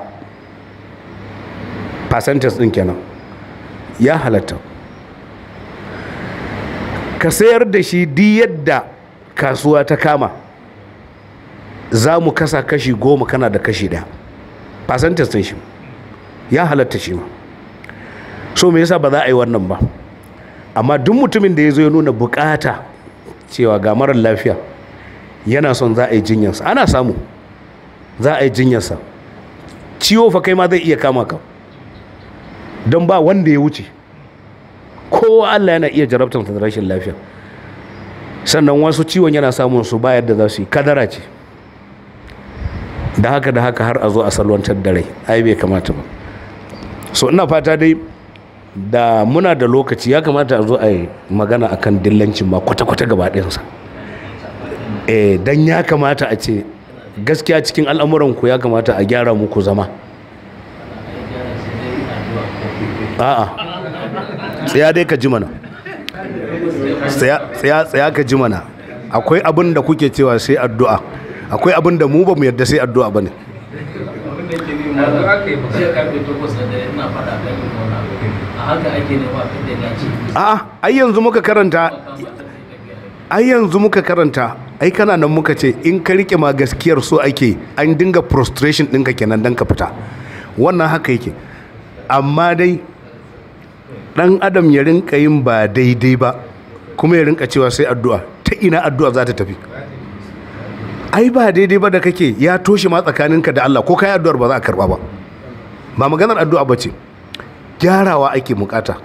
percentage ɗin kenan ya halatta ka sayar da shi di yadda kasuwa ta kama za mu kasa kashi goma kana da kashi daya percentage ɗin shi ya halatta shi ma so me yasa ba za a yi wannan ba amma duk mutumin da ya zo ya nuna bukata cewa ga marar lafiya yana son za a yi jinyarsa ana samu za a yi jinyarsa ciwo fa kai ma zai iya kama ka don ba wanda ya wuce kowa Allah yana iya jarabtar da rashin lafiya sannan wasu ciwon yana samun su bayar da za su yi kadara ce da haka da haka har a zo a salwantar da rai ai bai kamata ba so ina fata dai da muna da lokaci ya kamata a zo a yi magana akan dillancin ma kwata-kwata gaba eh, don ya kamata a ce gaskiya cikin al'amuranku ya kamata a gyara muku zama a'a tsaya dai ka ji mana tsaya tsaya ka ji mana akwai abin da kuke cewa sai addu'a akwai abin da mu ba mu yarda sai addu'a ba ne a'a ai yanzu muka karanta ai yanzu muka karanta ai kana nan muka ce in ka rike ma gaskiyar so ake an dinga prostration ɗinka kenan dan ka fita wannan haka yake amma dai dan adam ya rinka yin ba daidai ba kuma ya rinka cewa sai addu'a ta ina addu'a za ta tafi ai ba daidai ba da kake ya toshe ma tsakaninka da Allah ko kai addu'ar ba za a karba ba ba maganar addu'a ba ce gyarawa ake mukata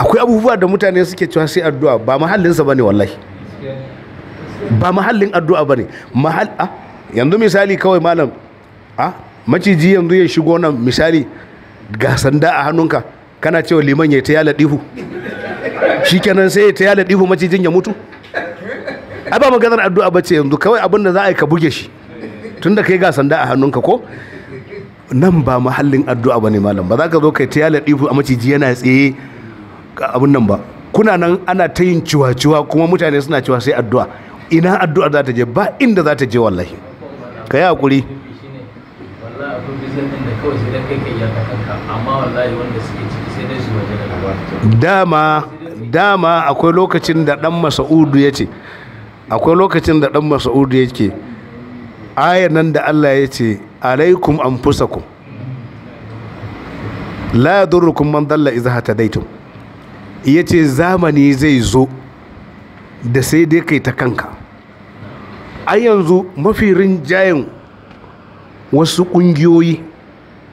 akwai abubuwa da mutane suke cewa sai addu'a ba mahallinsa bane wallahi ba mahallin addu'a bane mahal a ah, yanzu misali kawai malam a ah, maciji yanzu ya shigo nan misali ga sanda a hannunka kana cewa liman ya ta yala dihu shikenan sai ya ta yala dihu macijin ya mutu a ba maganar addu'a bace yanzu kawai abin da za a yi ka buge shi tunda kai ga sanda a hannunka ko nan ba mahallin addu'a bane malam ba za ka zo kai ta yala dihu a maciji yana tsaye abin nan ba kuna nan ana ta yin ciwa-ciwa kuma mutane suna ciwa sai addu'a ina addu'a za ta je ba inda za ta je wallahi ka yi hakuri dama dama akwai lokacin da dan masa'udu ya ce akwai lokacin da dan masa'udu ya ce ayan nan da Allah ya ce alaikum anfusakum la yadurrukum man dalla idza ya ce zamani zai zo da sai dai kai ta kanka a yanzu mafi rinjayen wasu ƙungiyoyi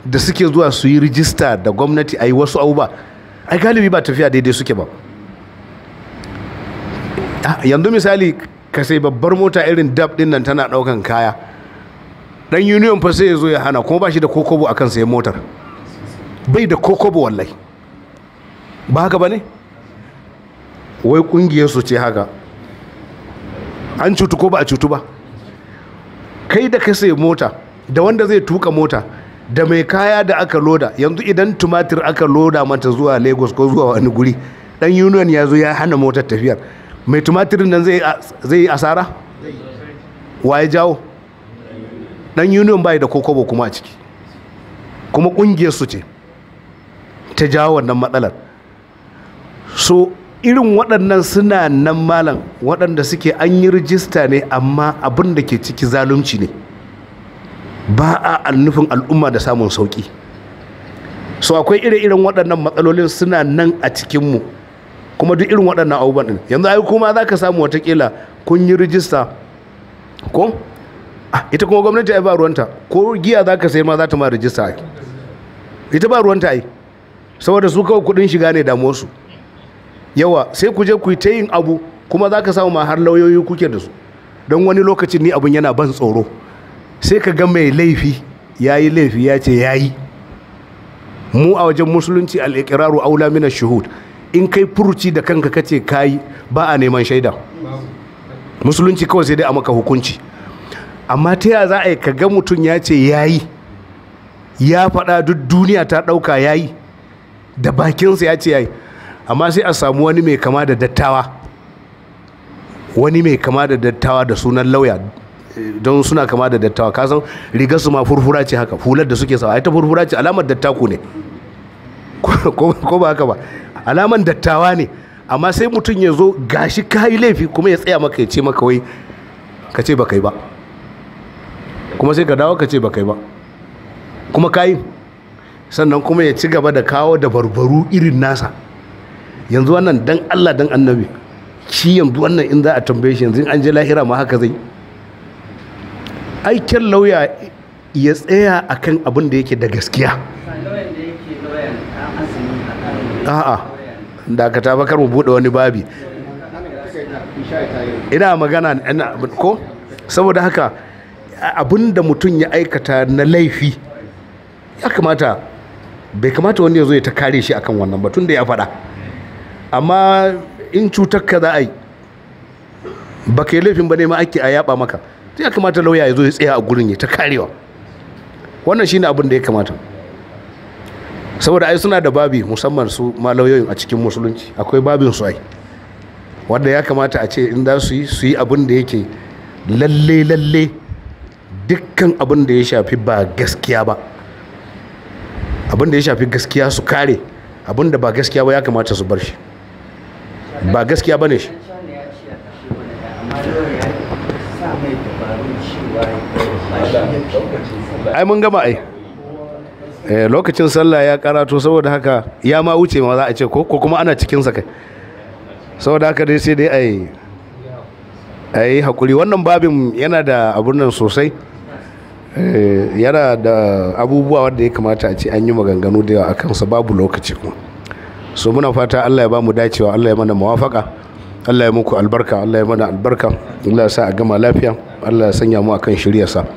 da suke zuwa su yi rijista da gwamnati a yi wasu abubuwa ai galibi ba tafiya daidai suke ba ah, yanzu misali ka sai babbar mota irin dab din nan tana ɗaukan kaya dan union fa sai ya zo ya hana kuma ba shi da kokobo a kan sayan motar bai da kokobo wallahi ba haka ba ne wai ƙungiyarsu ce haka an cutu ko ba a cutu ba kai da ka sai mota da wanda zai tuka mota da mai kaya da aka loda yanzu idan tumatir aka loda mata zuwa lagos ko zuwa wani guri dan union ya zo ya hana motar tafiyar mai tumatir nan zai yi asara waye jawo dan union bai da kokobo kuma a ciki kuma kungiyar su ce ta jawo wannan matsalar so irin waɗannan suna nan malam waɗanda suke an yi rijista ne amma abin da ke ciki zalunci ne ba a annufin al'umma da samun sauƙi so akwai ire irin waɗannan matsalolin suna nan a cikinmu kuma duk irin waɗannan abubuwan ɗin yanzu ai kuma za ka samu watakila kun yi rijista ko ita kuma gwamnati ai ba ruwanta ko giya za ka sai ma za ta ma rijista ai ita ba ruwanta ai saboda su kawai kuɗin shiga ne damuwarsu yawa sai ku je ku ta yin abu kuma za ka samu ma har lauyoyi kuke da su don wani lokacin ni abin yana ban tsoro sai ka ga mai laifi ya yi laifi ya ce ya yi mu a wajen musulunci al'ikiraru aula mina shuhud in kai furuci da kanka kace kayi ba a neman shaida musulunci kawai sai dai a maka hukunci amma ta yaya za a yi ka ga mutum ya ce ya yi ya faɗa duk duniya ta ɗauka ya yi da bakinsa ya ce ya yi amma sai a samu wani mai kama da dattawa wani mai kama da dattawa da sunan lauya don suna kama da dattawa ka san rigar su ma furfura ce haka hular da suke sawa ai ta furfura ce alamar dattaku ne ko ba haka ba alamar dattawa ne amma sai mutum ya zo gashi ka yi laifi kuma ya tsaya maka ya ce maka wai ka ce ba kai ba kuma sai ka dawo ka ce ba kai ba kuma ka yi sannan kuma ya ci gaba da kawo da barbaru irin nasa yanzu wannan dan Allah dan annabi shi yanzu wannan in za a tambaye shi yanzu an je lahira ma haka zai aikin lauya ya tsaya akan abin da yake da gaskiya a'a dakata bakar mu bude wani babi ina magana ina ko saboda haka abin da mutum ya aikata na laifi ya kamata bai kamata wani ya zo ya ta kare shi akan wannan batun da ya faɗa amma in cutar ka za a yi ba ka yi laifin ba ne ma ake a yaba maka sai ya kamata lauya ya zo ya tsaya a gurin ya ta karewa wannan shine abin da ya kamata saboda ai suna da babi musamman su ma lauyoyin a cikin musulunci akwai babin su ai wanda ya kamata a ce in za su yi su yi abin da yake lalle lalle dukkan abin da ya shafi ba gaskiya ba abin da ya shafi gaskiya su kare abin da ba gaskiya ba ya kamata su bar shi ba gaskiya bane shi ai mun gama ai eh, lokacin sallah ya karato saboda haka ya ma wuce ma za a ce ko kuma ana cikin kai saboda haka dai sai dai ai ai hakuri wannan babin yana da abun nan sosai eh, yana da abubuwa wanda ya kamata a ce an yi maganganu da yawa akan kansa babu lokaci kuma so muna fata Allah ya ba mu dacewa Allah ya mana mawafaka Allah ya muku albarka Allah ya mana albarka Allah ya sa a gama lafiya Allah ya sanya mu akan shiryarsa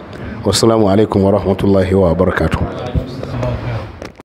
wasu alaikum wa rahmatullahi wa barakatuh